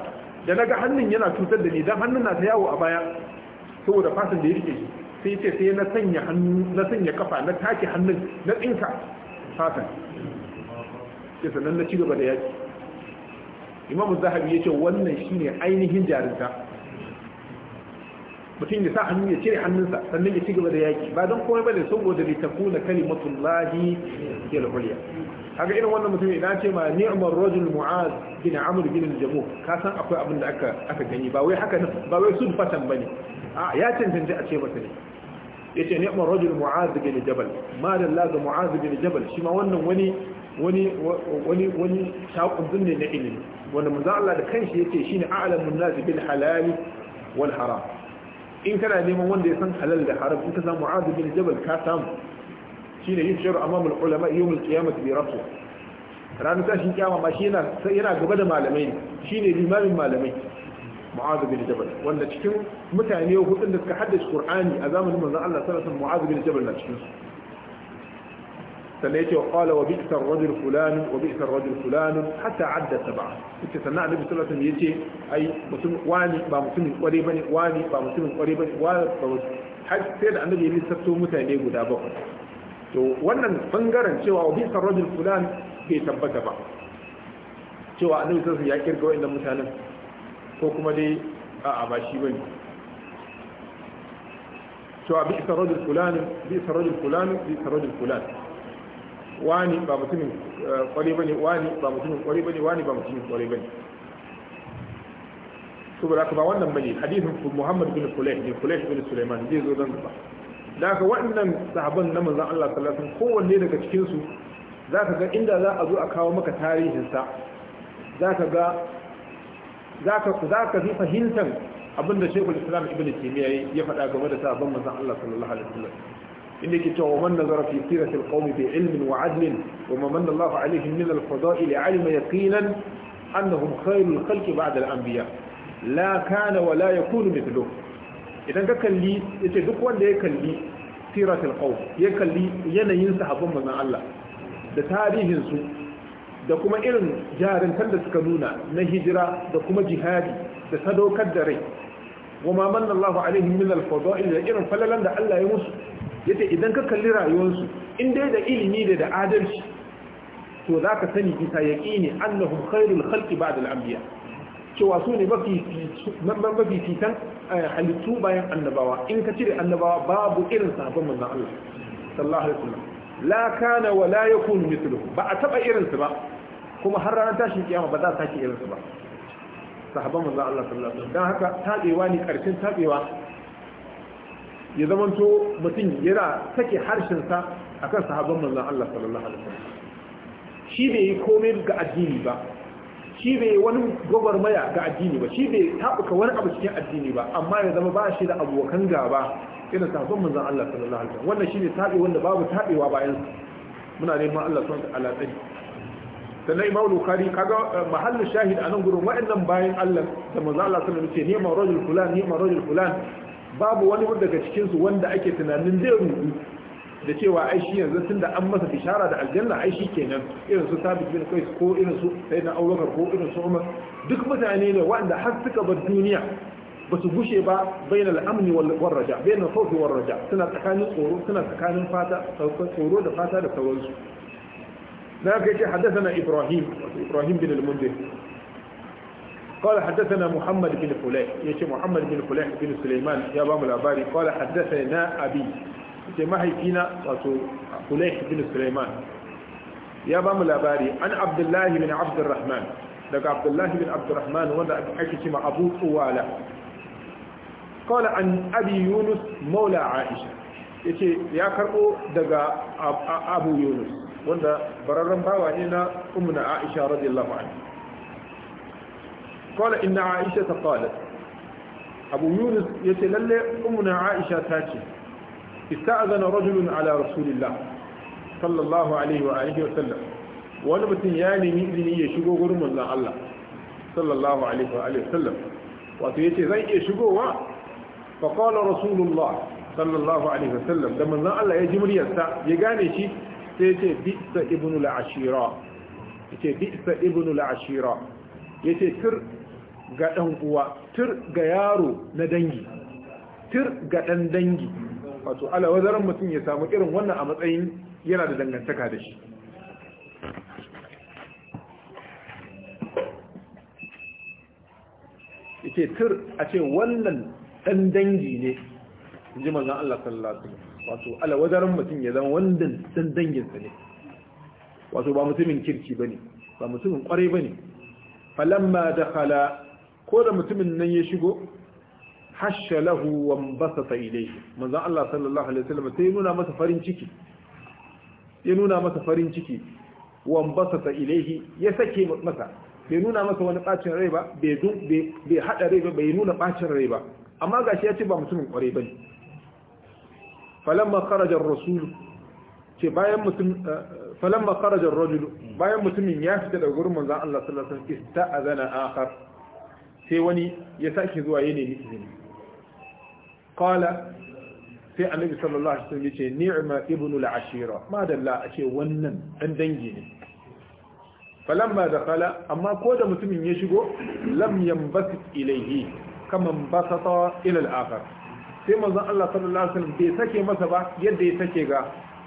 da na ga hannun yana cutar da ni dan hannun na ta yawo a baya saboda fatan da ya rike sai ce sai na sanya hannu na sanya kafa na take hannun na tsinka fatan sai sannan na ci gaba da yaƙi imamu zahabi ya ce wannan shine ainihin jarinta mutum ya sa hannu ya cire hannunsa sannan ya ci gaba da yaki ba don komai bane saboda li na kalimatullahi ya da ulya haka irin wannan mutum idan ce ma ni'mar rajul mu'az bin amr bin jamu ka san akwai abin da aka aka gani ba wai haka ba wai sun fatan bane a ya cancanci a ce masa ne yace ni'mar rajul mu'az bin jabal ma da Laza mu'az bin jabal shi ma wannan wani wani wani wani ne na ilimi wanda manzon Allah da kanshi yace shine a'lamun nas bil halal wal haram in kana neman wanda ya san halal da haram in ka samu Mu'adh bin Jabal ka samu shine yushar amam al ulama yawm al qiyamah bi rasul ranar tashin kiyama ma shi yana sai yana gaba da malamai shine limamin malamai Mu'adh bin Jabal wanda cikin mutane hudun da suka haddace Qur'ani a zamanin manzon Allah sallallahu alaihi wasallam Mu'adh bin Jabal na cikin su sannan yace qala wa bi'sa ar-rajul fulan wa bi'sa ar-rajul fulan hatta adda sab'a yace sannan annabi sallallahu alaihi wasallam yace ai mutum wani ba mutumin kware bane wani ba mutumin kware bane wani ba har sai da annabi ya lissafto mutane guda bakwai to wannan bangaren cewa wa bi'sa ar-rajul fulan bai tabbata ba cewa annabi sun alaihi ya kirga wa'annan mutanen ko kuma dai a'a ba shi ba ne cewa bi'sa ar-rajul fulan bi'sa ar-rajul fulan bi'sa ar-rajul fulan wani ba mutumin eh, kwarai bane wani ba mutumin kwarai bane wani ba mutumin kwarai bane saboda haka ba wannan bane hadisin Muhammad bin Fulayh ne Fulayh bin Sulaiman zai zo dan ba da haka waɗannan sahaban na manzon Allah sallallahu alaihi wasallam kowanne daga cikin su zaka ga inda za a zo a kawo maka tarihin sa zaka ga zaka zaka fi fahimtar abinda Sheikhul Islam Ibn Taymiyyah ya faɗa game da sahaban manzon Allah sallallahu alaihi wasallam inda yake cewa man nazara fi sirati alqawm bi ilmin wa adlin wa man manna Allahu alaihim min alfadail alima yaqinan annahum khayrul khalqi ba'da al-anbiya la kana wa la yakunu mithluh idan ka kalli yace duk wanda ya kalli siratul qaum ya kalli yanayin sahabban manzon Allah da tarihin su da kuma irin jarintar da suka nuna na hijira da kuma jihadi da sadaukar da rai wa ma manna Allah alaihim min al-fadail da irin falalan da Allah ya musu yace idan ka kalli rayuwarsu in dai da ilimi da da adalci to za ka sani bisa yaqini annahum khairul khalqi ba'da al-anbiya cewa su ne mafi fitan eh, halittu bayan annabawa in ka cire annabawa babu irin sabon manzon Allah sallallahu alaihi wasallam la kana wa la yakunu mithluhu ba a taba irin su ba kuma har ranar tashin kiyama ba za ta sake irin su ba sahabban manzon Allah sallallahu alaihi wasallam dan haka tabewa ne karshen tabewa ya zamanto mutum yana sake harshensa akan sahabban manzon Allah sallallahu alaihi wasallam shi bai yi komai ga addini ba shi bai wani gwagwarmaya ga addini ba shi bai taɓuka wani abu cikin addini ba amma ya zama ba shi da abokan gaba ina sabon manzan Allah sallallahu alaihi wasallam wannan ne taɓe wanda babu taɓewa bayan muna neman Allah sallallahu Alaihi wasallam tsari sannan Imam Bukhari kaga eh, mahallin shahid a nan gurin wa'annan bayan Allah da manzan Allah sallallahu alaihi wasallam ce ne ma rajul fulan ne ma rajul fulan babu wani daga cikinsu wanda ake tunanin zai rubu da cewa ai shi yanzu tunda an masa bishara da aljanna ai shi kenan irin su sabit bin qais ko irin su sayyidina abubakar ko irin su umar duk mutane ne wanda har suka bar duniya ba su gushe ba bainal amni wal waraja bainal khawfi wal raja suna tsakanin tsoro suna tsakanin fata tsoro da fata da sauransu na kai ce na ibrahim ibrahim bin al-mundhir قال حدثنا محمد بن فلاح يتي محمد بن فلاح بن سليمان يا بام الأباري قال حدثنا أبي يتي ما هي فينا فلاح بن سليمان يا بام الأباري عن عبد الله بن عبد الرحمن لك عبد الله بن عبد الرحمن وانا أكتم أبو طوالة قال عن أبي يونس مولى عائشة يتي يا كربو دقا أبو يونس وانا بررم باوا إلى أمنا عائشة رضي الله عنها قال إن عائشة قالت أبو يونس يتلل أمنا عائشة تاتي استأذن رجل على رسول الله صلى الله عليه وآله وسلم ونبت يالي يعني مئذني يشقو غرم الله الله صلى الله عليه وآله وسلم وتيتي ذي يشقو فقال رسول الله صلى الله عليه وسلم لما ذا الله يجب لي أستع يقاني شيء تيتي بئس ابن العشيرة تيتي بئس ابن العشيرة يتي ga ɗan uwa tur ga yaro na dangi tur ga ɗan dangi wato wazaran mutum ya samu irin wannan a matsayin yana da dangantaka da shi yake tur a ce wannan ɗan dangi ne ji mazan Allah sallallahu wato wazaran mutum ya zama wannan ɗan danginsa ne wato ba mutumin kirki ba ne ba mutumin ƙwarai ba ne falamma da ko da mutumin nan ya shigo hasha lahu wa basata ilayhi manzon Allah sallallahu alaihi wasallam sai nuna masa farin ciki ya nuna masa farin ciki wa ta ilayhi ya sake masa bai nuna masa wani bacin rai ba bai dun bai hada rai ba bai nuna bacin rai ba amma gashi ya ce ba mutumin kwarai bane falamma kharaja ar-rasul ce bayan mutum eh, eh, falamma kharaja ar-rajul bayan mutumin ya fita daga gurin manzon Allah sallallahu alaihi wasallam ista'azana akhar sai wani ya sake zuwa ya nemi izini kala sai annabi sallallahu alaihi wasallam yace ni'ma ibnu al-ashira a ce wannan dan dangi ne falamma dakhala amma ko da mutumin ya shigo lam yanbasit ilayhi kaman basata ila al-akhar sai manzon Allah sallallahu alaihi wasallam bai sake masa ba yadda ya sake ga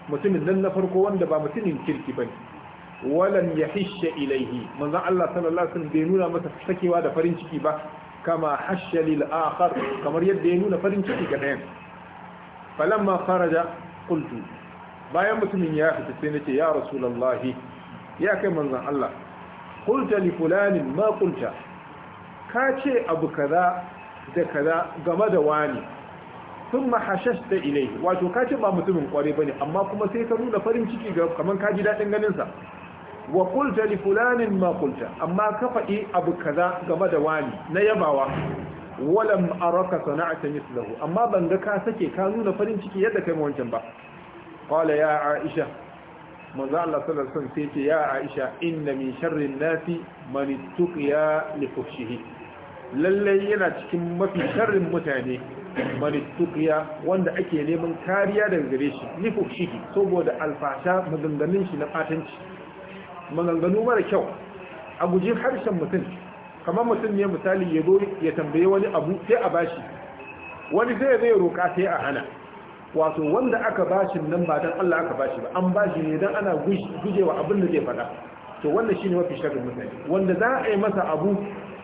mutumin dan na farko wanda ba mutumin kirki bane walan yahisha ilaihi manzon Allah sallallahu alaihi wasallam bai nuna masa sakewa da farin ciki ba kama hasha lil kamar yadda ya nuna farin ciki ga ɗayan falamma kharaja Kultu. bayan mutumin ya fita sai ce ya rasulullahi ya kai Manzan Allah Kulta li fulanin ma Kulta? ka ce abu kaza da kaza game da wani sun mahashashta ilai wato ka ce ba mutumin kware ba ne amma kuma sai ka nuna farin ciki ga kamar ka ji daɗin ganinsa wa kulta li fulanin ma kulta amma ka faɗi abu kaza game da wani na yabawa walam araka sana'ata mislahu amma ban ga ka sake ka nuna farin ciki yadda kai mu wancan ba qala ya aisha manzo Allah sallallahu alaihi wasallam sai ce ya aisha inna min sharri nasi man ittaqiya li fuhshihi lalle yana cikin mafi sharrin mutane man ittaqiya wanda ake neman kariya daga gare shi li fuhshihi saboda alfasha maganganun shi na fatanci maganganu mara kyau a guji harshen mutum kamar mutum ne misali ya zo ya tambaye wani abu sai a bashi wani sai zai roƙa sai a hana wato wanda aka bashi nan ba dan Allah aka bashi ba an bashi ne dan ana gujewa abin da zai faɗa to wannan shine mafi sharrin mutane wanda za a yi masa abu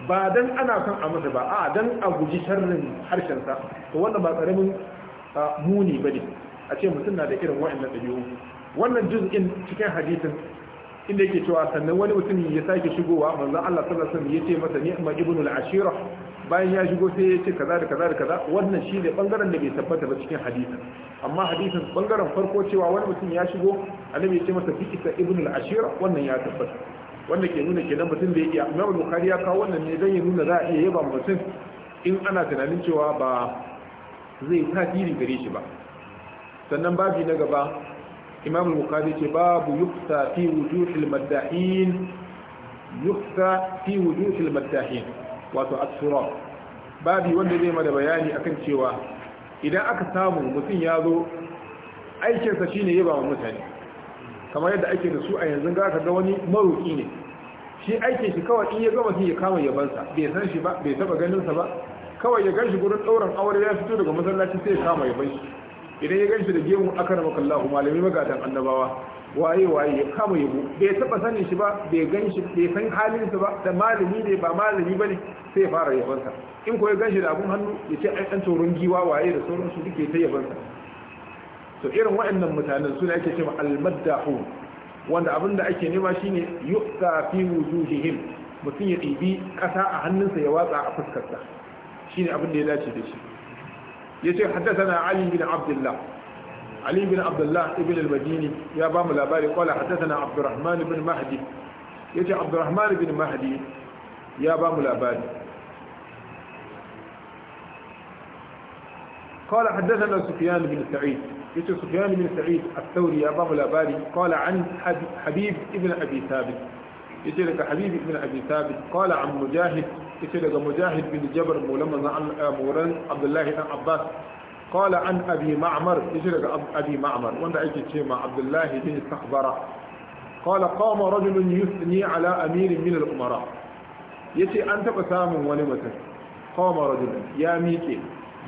ba dan ana son a masa ba a dan a guji sharrin harshen sa to wannan ba karamin muni bane a ce mutum na da irin wa'annan dabi'u wannan juz'in cikin hadisin inda yake cewa sannan wani mutum ya sake shigowa manzon Allah sallallahu alaihi wasallam yace masa ni'ma ibnul ashira bayan ya shigo sai ya ce kaza da kaza da kaza wannan shine bangaren da bai tabbata ba cikin hadisi amma hadisin bangaren farko cewa wani mutum ya shigo annabi ya ce masa fikisa ibnul ashira wannan ya tabbata Wannan ke nuna kenan mutum da yake Imam Bukhari ya kawo wannan ne dan ya nuna za a iya yaba mutum in ana tunanin cewa ba zai tasiri gare shi ba sannan babi na gaba imam al-bukhari ce babu yuksa fi wujuhil maddahin yuksa fi wujuhil maddahin wato babu wanda zai mada bayani akan cewa idan aka samu mutum ya zo aikinsa shine yaba wa mutane kamar yadda ake da su a yanzu ga ka ga wani maruki ne shi aikin shi kawai in ya gama shi ya kama yabansa bai san shi ba bai taba ganin sa ba kawai ya ganshi gurin dauran aure ya fito daga masallaci sai ya kama yaban shi idan ya ganshi da gemu aka rama kallahu malami magatan annabawa waye waye ya kama yabo bai taba sanin shi ba bai ganshi bai san halin sa ba da malami ne ba malami bane sai ya fara yabon sa in ko ya ganshi da abun hannu ya ce ai dan tsoron giwa waye da tsoron su duke ta yabon sa to irin waɗannan mutanen suna ake cewa al-maddahu wanda abin da ake nema shine yuqta fi wujuhihim mutum ya ɗibi ƙasa a hannunsa ya watsa a fuskarsa shine abin da ya dace da shi يسير حدثنا علي بن عبد الله علي بن عبد الله ابن المديني يا بام الاباري قال حدثنا عبد الرحمن بن مهدي يجي عبد الرحمن بن مهدي يا بام الاباري قال حدثنا سفيان بن سعيد يجي سفيان بن سعيد الثوري يا بام الاباري قال عن حبيب ابن ابي ثابت يجي لك حبيب ابن ابي ثابت قال عن مجاهد ita daga mujahid bin jabar moran eh, abdullahi dan abbas kala an abi ma'amar ita daga abi ma'amar wanda ake ce ma abdullahi bin sahbara kala kama rajulun yusni ala amirin min al'umara ya ce an taɓa samun wani mutum kama rajulun ya miƙe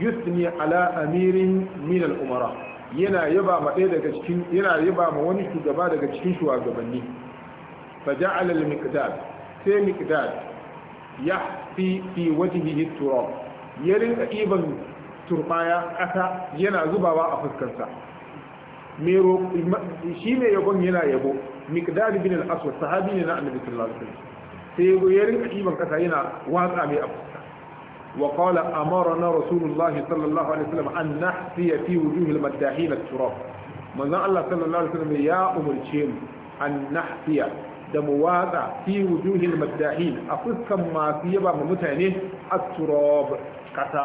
yusni ala amirin min al'umara yana yaba ma ɗaya daga cikin yana yaba ma wani shugaba daga cikin shugabanni fa ja'ala al-miqdad sai miqdad yahfi fi wajhihi turab ya rinka iban turbaya ƙasa yana zubawa a fuskarsa shi ne yabon yana yabo miqdad bin al-aswad sahabi ne na annabi sallallahu alaihi wasallam sai ya rinka iban ƙasa yana watsa mai a fuska wa qala amarna rasulullah sallallahu alaihi wasallam an nahsiya fi wujuhi al-maddahin at-turab manzon Allah sallallahu alaihi wasallam ya umurce mu an nahsiya da mu watsa fi wujuhil maddahin a fuskan masu yaba ma mutane asturob kasa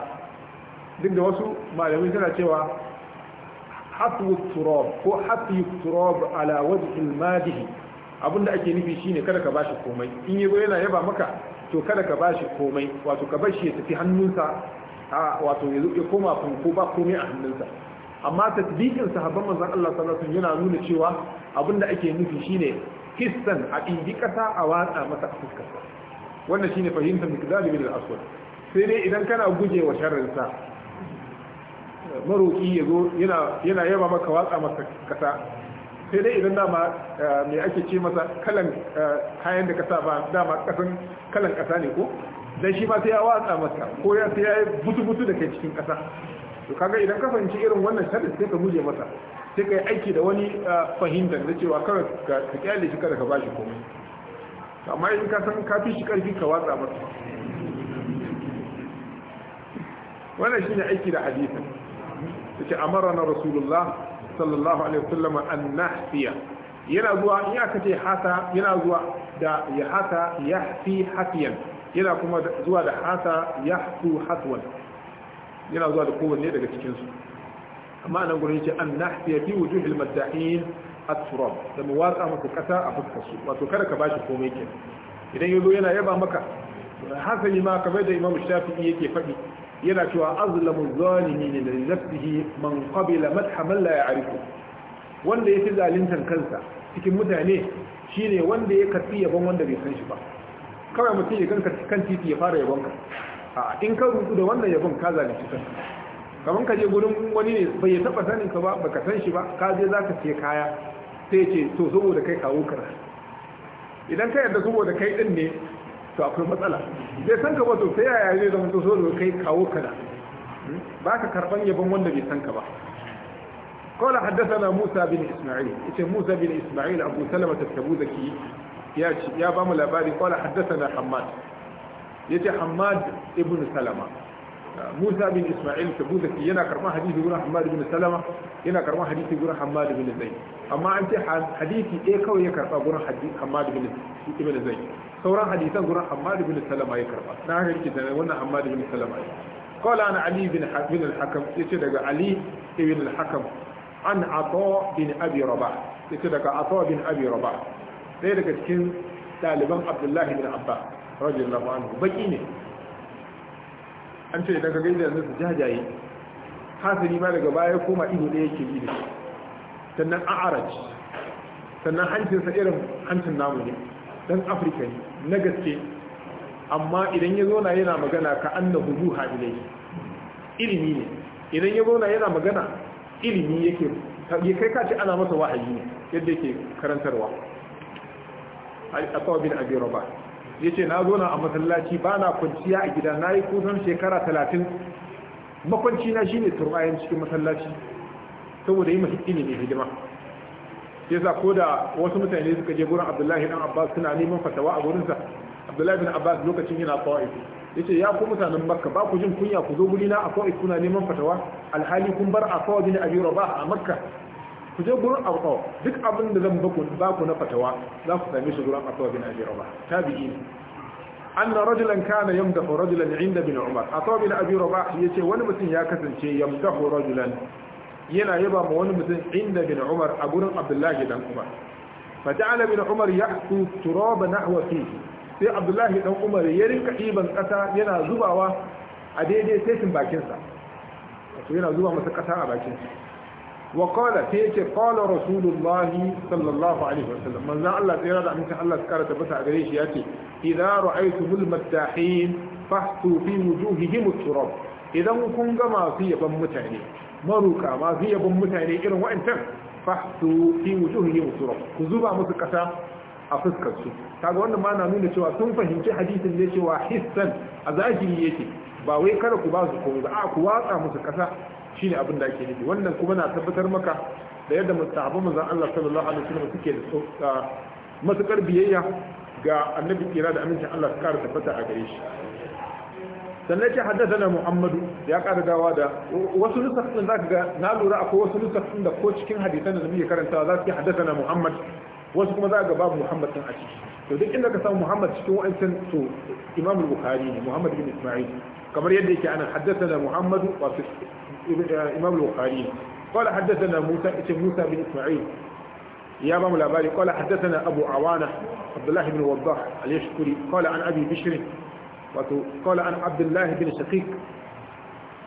duk da wasu malamai suna cewa hafi turob ko hafi turob ala wajen ilmadihi abinda ake nufi shine kada ka bashi komai in yi yana yaba maka to kada ka bashi komai wato ka bashi ya tafi hannunsa a wato ya koma ko ba komai a hannunsa amma tasbikin sahabban manzon Allah sallallahu alaihi wasallam yana nuna cewa abinda ake nufi shine hissan a ɗibi ƙasa a watsa masa a fuskarsa wannan shine fahimtar mikdad bin da aswad sai dai idan kana guje wa sharrinsa sa ya zo yana yana yaba maka watsa masa ƙasa sai dai idan dama eh, mai ake ce masa kalan eh, kayan da ƙasa ba dama ƙasan kalan ƙasa ne ko dan shi ma sai ya watsa masa ko ya sai ya butu butu da kai cikin ƙasa to kaga idan ka fahimci irin wannan sharri sai ka guje masa sai yi aiki da wani ah, fahimtar da cewa kar ka kyale shi kada ka bashi komai amma in ka san ka fi shi karfi ka watsa masa wannan shine aiki da hadisi yace amarna rasulullah sallallahu alaihi wasallam an nahsiya yana zuwa in aka ce yana zuwa da ya hasa yahsi yana kuma zuwa da ya fi haswan yana zuwa da kowanne daga cikin su amma nan gurin ce an nahfiya bi wujuhil maddahin at da mu watsa muku kasa a fuskar wato kada ka bashi komai ke idan yazo yana yaba maka hasali ma kamar da imamu shafi'i yake faɗi yana cewa azlamu zalimin li nafsihi man qabila madha man la ya'rifu wanda yafi zalintan kansa cikin mutane shine wanda ya karbi yabon wanda bai san shi ba kawai mutum ya kanka kan titi ya fara yabon ka a in ka rubu da wannan yabon ka zalunci kanka kamar ka je gurin wani ne bai ya taba sanin ka ba baka san shi ba ka je za ka ce kaya sai ce to saboda kai kawo kara idan ka yarda saboda kai din ne to akwai matsala bai san ka ba to sai yaya zai zama to saboda kai kawo kara hmm? ba ka karban yabon wanda bai san ka ba haddasa na Musa bin Isma'il. Ita قال حدثنا موسى بن إسماعيل إيه موسى بن ya ce ya التبوذكي يا يا بام الأبادي قال حدثنا حماد يتي حماد ابن Salama. Musa bin Ismail Tabuzaki yana karban hadisi gurin Hammad bin Salama yana karban hadisi gurin Hammad bin Zaid amma an ce hadisi ɗaya kawai ya karba gurin Hammad bin Ibn Zaid sauran hadisan gurin Hammad bin Salama ya karba dan da wannan Hammad bin Salama قال عن علي بن بن الحكم يتدق علي an ato bin عطاء بن أبي رباح يتدق عطاء بن أبي رباح ذلك كان طالبا عبد الله بن عباس رضي الله عنه an ce idan ka gaida yanzu su jajaye hasiri ma daga baya koma ido ɗaya yake yi da shi sannan araj sannan hancinsa irin hancin namu ne dan afirka ne na gaske amma idan ya zo na yana magana ka na hudu ilayhi ilimi ne idan ya zo na yana magana ilimi yake ya kai kaci ana masa wahayi ne yadda yake karantarwa a tsawabin abin rabar ya ce na zo na a masallaci ba na kwanciya a gida na yi kusan shekara talatin makwanci na shine turayen cikin masallaci saboda yi masu ilimi hidima ya sa ko da wasu mutane suka je gurin abdullahi dan abbas suna neman fatawa a gurinsa abdullahi bin abbas lokacin yana ta'if ya ce ya ku mutanen makka ba ku jin kunya ku zo gurina a kawai kuna neman fatawa alhali kun bar a gini a rabah a makka ku je gurin arqaw duk abin da zan baku ba ku na fatawa za ku same shi gurin arqaw bin abi rabah tabi'i anna rajulan kana yamdahu rajulan inda bin umar arqaw bin abi rabah yace wani mutum ya kasance yamdahu rajulan yana yaba ma wani mutum inda bin umar a gurin abdullahi dan umar fa ja'ala bin umar ya'tu turaba nahwa fi sai abdullahi dan umar ya rinka iban kasa yana zubawa a daidai bakin bakinsa to yana zuba masa kasa a bakinsa wa qala sai yace qala rasulullahi sallallahu alaihi wasallam manzo Allah tsira da amincin Allah ya karata bata a gare shi yace idza ra'aytumul mattahin fahtu fi wujuhihim turab idan kun ga masu yaban mutane maruka masu yaban mutane irin wa'ancan fahtu fi wujuhihim turab ku zuba musu kasa a fuskar su kaga wannan ma na nuna cewa sun fahimci hadisin ne cewa hissan a zahiri yake ba wai kada ku ba su a ku watsa musu kasa Shi ne abin da ake nufi wannan kuma na tabbatar maka da yadda mustahabu manzo Allah sallallahu alaihi wasallam suke da matukar biyayya ga annabi kira da amincin Allah su kara tabbata a gare shi sannan ke haddasa muhammadu ya kara dawa da wasu nusar sun ga na lura akwai wasu nusar da ko cikin hadisan da muke karanta za su yi haddasa muhammad wasu kuma za ga babu muhammad a ciki to duk inda ka samu Muhammad cikin wa'ancan to Imam al-Bukhari ne Muhammad bin Isma'il kamar yadda yake ana haddathana Muhammad wa Imam al-Bukhari qala haddathana Musa ita Musa bin Isma'il ya ba mu labari qala haddathana Abu Awana Abdullah أبو Waddah al-Yashkuri qala an Abi Bishr wa to qala an Abdullah عبد Shaqiq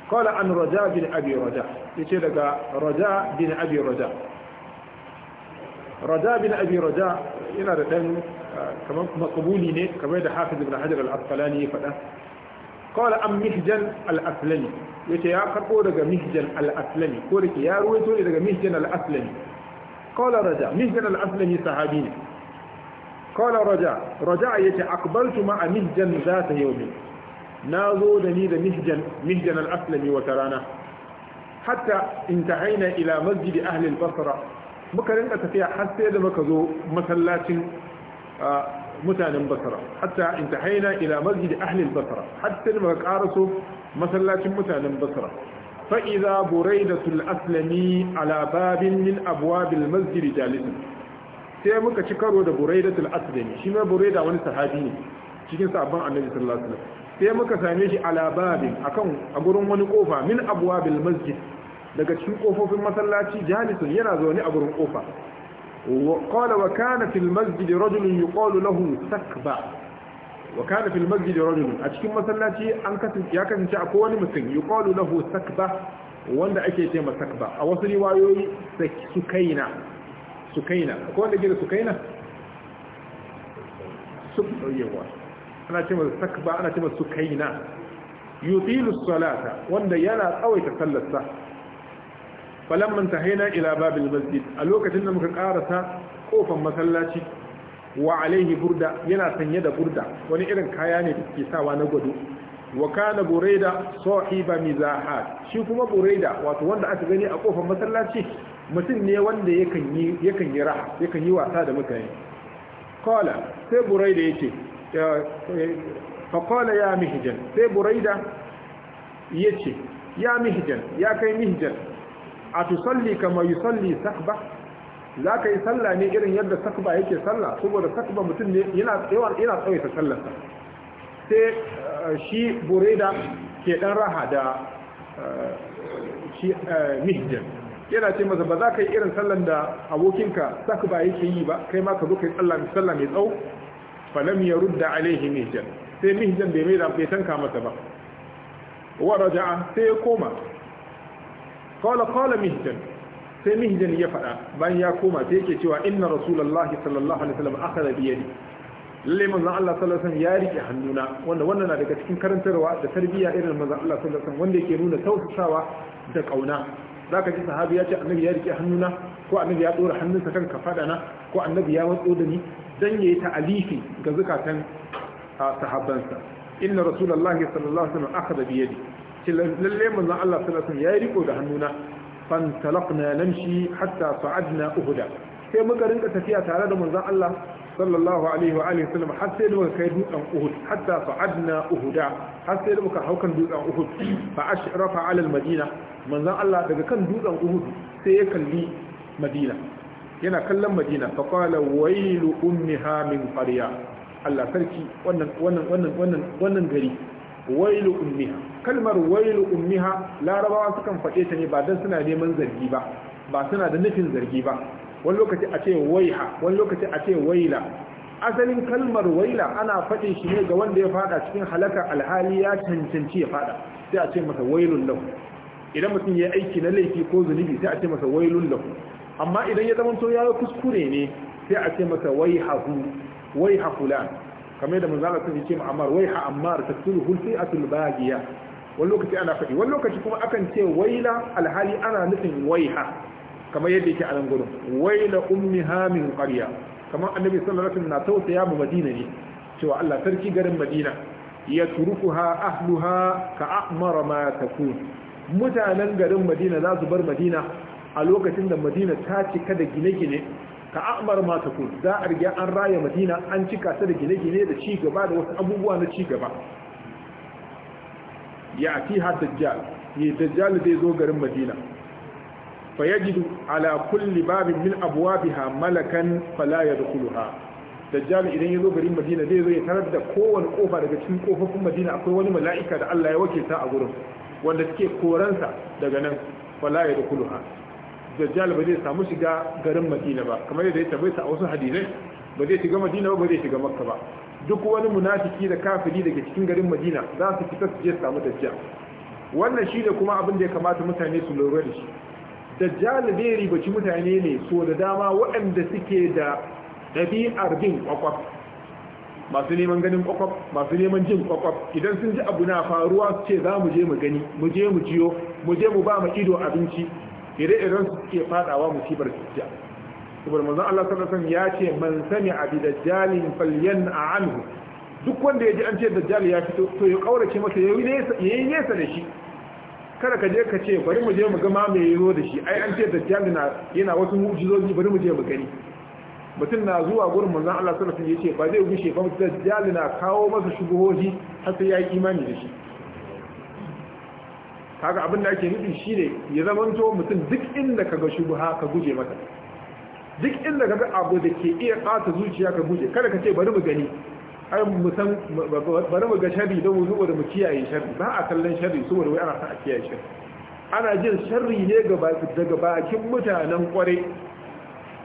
qala an Raja عن Abi Raja yace daga Raja رجاء Abi Raja Raja رجاء Abi Raja رجاء da dan kamar kuma kabuli ne kamar da hafiz ibn hajar al-asqalani ya faɗa qala an mihjan al yace ya karbo daga mihjan al ko da ke ya ruwaito ne daga mihjan al-aslami qala mihjan al-aslami sahabi ne qala raja raja yace aqbaltu ma'a mihjan zata yawmi na zo da ni da mihjan mihjan al-aslami wa tarana hatta intahayna ila masjidi ahli al-basra muka rinka tafiya har sai da muka zo masallacin mutanen basara, hatta intahaina ila masjid ahli basara, hatta muka karaso masallacin mutanen basara. fa idza buraidatul aslami ala babin min abwabil masjid jalisun sai muka ci karo da buraidatul aslami shi ma buraida wani sahabi ne cikin sabon annabi sallallahu alaihi wasallam sai muka same shi ala babin akan a gurin wani kofa min abwabil masjid daga cikin kofofin masallaci jalisun yana zaune a gurin kofa قال وكان في المسجد رجل يقال له سكبة وكان في المسجد رجل أشكي مسلاتي يا كسنشي أكواني مسلم يقال له سكبة wanda ake ce ma a wasu riwayoyi sukaina sukaina ko wanda ke da sukaina sukayewa ana ce masa sakba ana ce masa sukaina yutilu salata wanda yana tsawaita sallarsa falamman tahaina ila babil masjid a lokacin da muka karasa kofan masallaci wa alaihi burda yana sanye da burda wani irin kaya ne da ke sawa na gwado wa kana buraida sahiba mizahat shi kuma buraida wato wanda aka gani a kofar masallaci mutum ne wanda yakan yi yakan yi raha yakan yi wasa da mutane qala sai buraida yace fa qala ya mihjan sai buraida yace ya mihjan ya kai mihjan a salli kama salli sakba za ka yi sallah ne irin yadda sakba yake salla saboda sakba mutum ne yana ta sallarsa sai eh, shi bureda ke dan raha da eh, shi eh, yana ce masa ba za ka yi irin sallan da abokinka sakba yake yi ba kai ma ka zo ka yi mai sallah mai tsawo falam ya rudda alaihi mihjan sai mihjan bai mai tanka masa ba wa raja'a sai ya koma qala qala mihjan sai mihjan ya fada bayan ya koma sai yake cewa inna rasulullahi sallallahu alaihi wasallam akhadha bi yadi lalle manzon Allah sallallahu alaihi wasallam ya rike hannuna wanda wannan na daga cikin karantarwa da tarbiyya irin manzon Allah sallallahu alaihi wasallam wanda yake nuna tausasawa da kauna zaka ji sahabi ya ce annabi ya rike hannuna ko annabi ya dora hannunsa kan kafada na ko annabi ya watso da ni dan yayi ta'alifi ga zakatan ah, sahabbansa inna rasulullahi sallallahu alaihi wasallam akhadha bi yadi ce lalle manzon Allah sallallahu alaihi wasallam yayi riko da hannuna fantalaqna namshi hatta sa'adna uhuda sai muka rinka tafiya tare da manzon Allah sallallahu alaihi wa alihi wasallam har sai muka kai dutsen Uhud hatta sa'adna Uhuda har sai muka hauka dutsen Uhud fa ashrafa ala al-Madina manzon Allah daga kan dutsen Uhud sai ya kalli Madina yana kallon Madina fa qala wailu ummiha min qarya Allah sarki wannan wannan wannan wannan wannan gari wailu ummiha kalmar wailu ummiha larabawa sukan faɗe ta ne ba dan suna neman zargi ba ba suna da nufin zargi ba wani lokaci a ce waiha wani lokaci a ce waila asalin kalmar waila ana faɗin shi ne ga wanda ya fada cikin halaka alhali ya cancanci ya fada sai a ce masa wailun lahu idan mutum ya aiki na laifi ko zunubi sai a ce masa wailun lahu amma idan ya zama to ya yi kuskure ne sai a ce masa waihahu waiha fulan kamar da manzo Allah sai ya ce ma amar waiha Ammar tasulu hulfi'atul bagiya wani lokaci ana faɗi wani lokaci kuma akan ce waila alhali ana nufin waiha kamar yadda yake a nan gurin waila ummi hamin ƙarya kamar annabi sallallahu alaihi wasallam na tausaya mu madina ne cewa Allah sarki garin madina ya turukuha ahluha ka amara ma takun mutanen garin madina za su bar madina a lokacin da madina ta cika da gine-gine ka amara ma takun za a riga an raya madina an cika ta da gine-gine da cigaba da wasu abubuwa na ci gaba ya fi ha dajjal ne dajjal zai zo garin madina fa yajidu ala kulli babin min abwabiha malakan fala yadkhuluha dajjal idan ya zo garin madina zai zo ya tarar da kowane kofa daga cikin kofofin madina akwai wani mala'ika da Allah ya wakilta a gurin wanda suke koransa daga nan fala yadkhuluha dajjal ba zai samu shiga garin madina ba kamar yadda ya tabbata a wasu hadisai ba zai shiga madina ba ba zai shiga makka ba duk wani munafiki da kafiri daga cikin garin madina za su fita su je samu dajjal wannan shi kuma abin da ya kamata mutane su lura da shi dajjal bai ribaci mutane ne so da dama waɗanda suke da ɗabi'ar bin kwakwaf masu neman ganin kwakwaf masu neman jin kwakwaf idan sun ji abu na faruwa su ce za mu je mu gani mu je mu jiyo mu je mu ba mu ido abinci ire-iren su suke fadawa musibar dajjal saboda manzon Allah sallallahu alaihi wasallam ya ce man sami bi dajjalin falyan'a anhu duk wanda ya ji an ce dajjal ya fito to ya kaurace masa yayi nesa yayi nesa da shi kada ka je ka ce bari mu je mu ga ma me yayo da shi ai an ce dajjal na yana wasu mu'jizoji bari mu je mu gani mutum na zuwa gurin manzon Allah sallallahu alaihi wasallam ce ba zai gushe ba dajjal na kawo masa shubuhohi har sai yayi imani da shi kaga abin da ake nufi shine ya zamanto mutum duk inda kaga shubuha ka guje mata duk inda ga abu da ke iya ƙata zuciya ka guje kada ka ce bari mu gani ai mu san bari mu ga sharri don mu da mu kiyaye sharri ba a kallon sharri saboda wai ana sa a kiyaye shi ana jin sharri ne daga bakin mutanen kware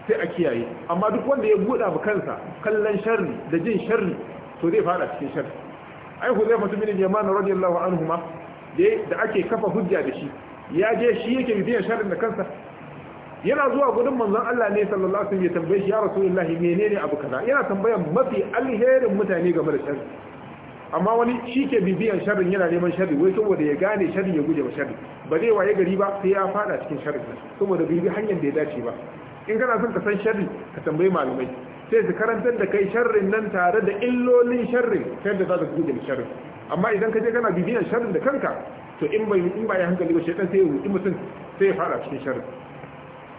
sai a kiyaye amma duk wanda ya buɗa mu kansa kallon sharri da jin sharri to zai fada cikin sharri ai zai fatu minin Yaman radiyallahu anhu ma da ake kafa hujja da shi ya je shi yake bibiyan sharrin da kansa yana zuwa gudun manzon Allah ne sallallahu alaihi wasallam ya tambaye shi ya rasulullahi menene abu kaza yana tambayan mafi alherin mutane game da sharri amma wani shi ke bibiyan sharrin yana neman sharri wai saboda ya gane sharrin ya guje wa sharri ba zai waye gari ba sai ya fada cikin sharrin saboda bibi hanyar da ya dace ba in kana son ka san sharri ka tambayi malamai sai su karantar da kai sharrin nan tare da illolin sharrin sai da za ka guje sharrin amma idan ka je kana bibiyan sharrin da kanka to in bai in ba ya hankali ba shaitan sai ya mutum sai ya fada cikin sharrin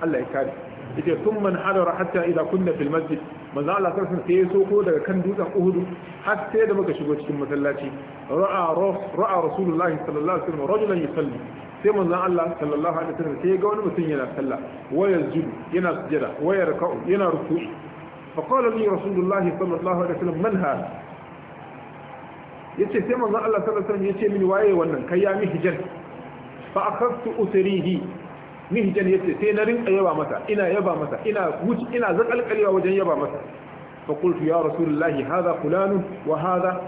Allah ya kare yace thumma hadara hatta idza kunna fil masjid manzo Allah sarfin sai ya soko daga kan dutsen Uhud har sai da muka shigo cikin masallaci ra'a ra'a rasulullah sallallahu alaihi wasallam rajulan yusalli sai manzo Allah sallallahu alaihi wasallam sai ga wani mutum yana sallah wa yazjudu yana sujada wa yarka'u yana ruku'i fa qala li rasulullah sallallahu alaihi wasallam man hada yace sai manzo Allah sallallahu alaihi wasallam yace mini waye wannan kai ya mi hijr fa akhadtu usrihi mihjan yace sai na rinka yaba masa ina yaba masa ina wuce ina zakalkalewa wajen yaba masa fa qultu ya rasulullahi hadha fulanun wa hadha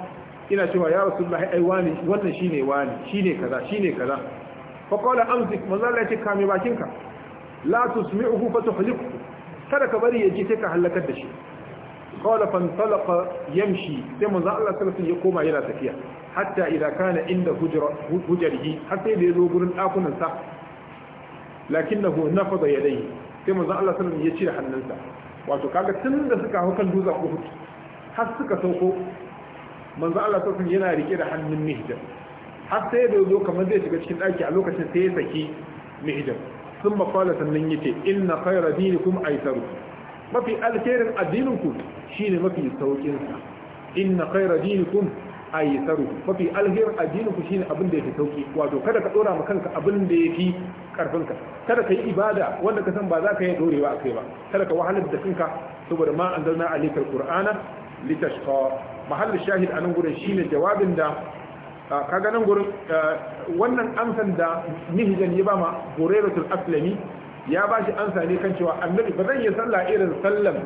ina cewa ya rasulullahi ai wani wannan shine wani shine kaza shine kaza fa qala amsik manzo Allah yace kame bakinka la tusmi'uhu fa tuhliku kada ka bari yaji sai ka halakar da shi qala fa talaqa yamshi sai manzo Allah sallallahu alaihi ya koma yana tafiya hatta idza kana inda hujra hujrihi har sai da yazo gurin dakunan sa lakinnahu nafada yadayhi sai manzo Allah sallallahu alaihi wasallam ya cire hannunsa wato kaga tun da suka hau kan dutsen Uhud har suka sauko manzo Allah sallallahu alaihi wasallam yana rike da hannun mihdar har sai da yazo kamar zai shiga cikin daki a lokacin sai ya saki mihdar sun qala sannan yace inna khayra dinikum aitaru mafi alkhairin addininku shine mafi saukin sa inna khayra dinikum aitaru mafi alkhairin addininku shine abin da yake sauki wato kada ka dora ma kanka abin da yake karfinka kada ka yi ibada wanda ka san ba za ka yi dorewa a kai ba kada ka wahalar da kanka saboda ma an zauna a likar qur'ana litashqa mahallin shahid a nan gurin shine jawabin da kaga nan gurin wannan amsan da mihjan ya bama ma aslami ya ba shi ansa ne kan cewa annabi ba zan yi sallah irin sallan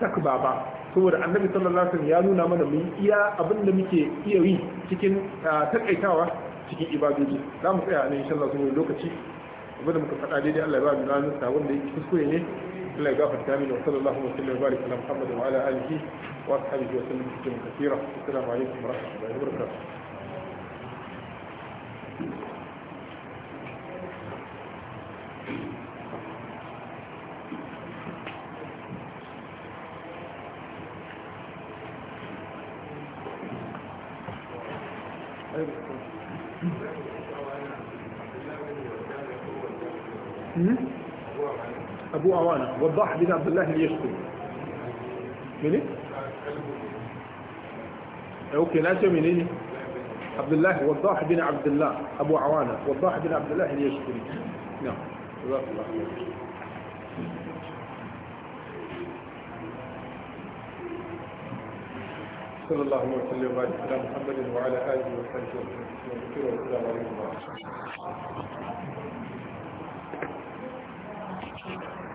takba ba saboda annabi sallallahu alaihi wasallam ya nuna mana mu iya abin da muke iya yi cikin takaitawa cikin ibadoji za mu tsaya ne insha Allah lokaci abinda muka faɗa daidai Allah ya ba mu ranar sa wanda yake kuskure ne Allah ya gafarta mini wa sallallahu alaihi wa sallam barik ala Muhammad wa ala alihi wa ashabihi wa sallam tasliman kathira assalamu alaikum wa rahmatullahi wa barakatuh أبو عوانة وضح بن عبد الله اليشكري من إيه؟ أوكي ناسي من إيه؟ عبد الله وضح بن عبد الله أبو عوانة وضح بن عبد الله اليشكري نعم جزاك الله خير صلى الله وسلم وبارك على محمد وعلى اله وصحبه وسلم كثيرا والسلام عليكم ورحمه الله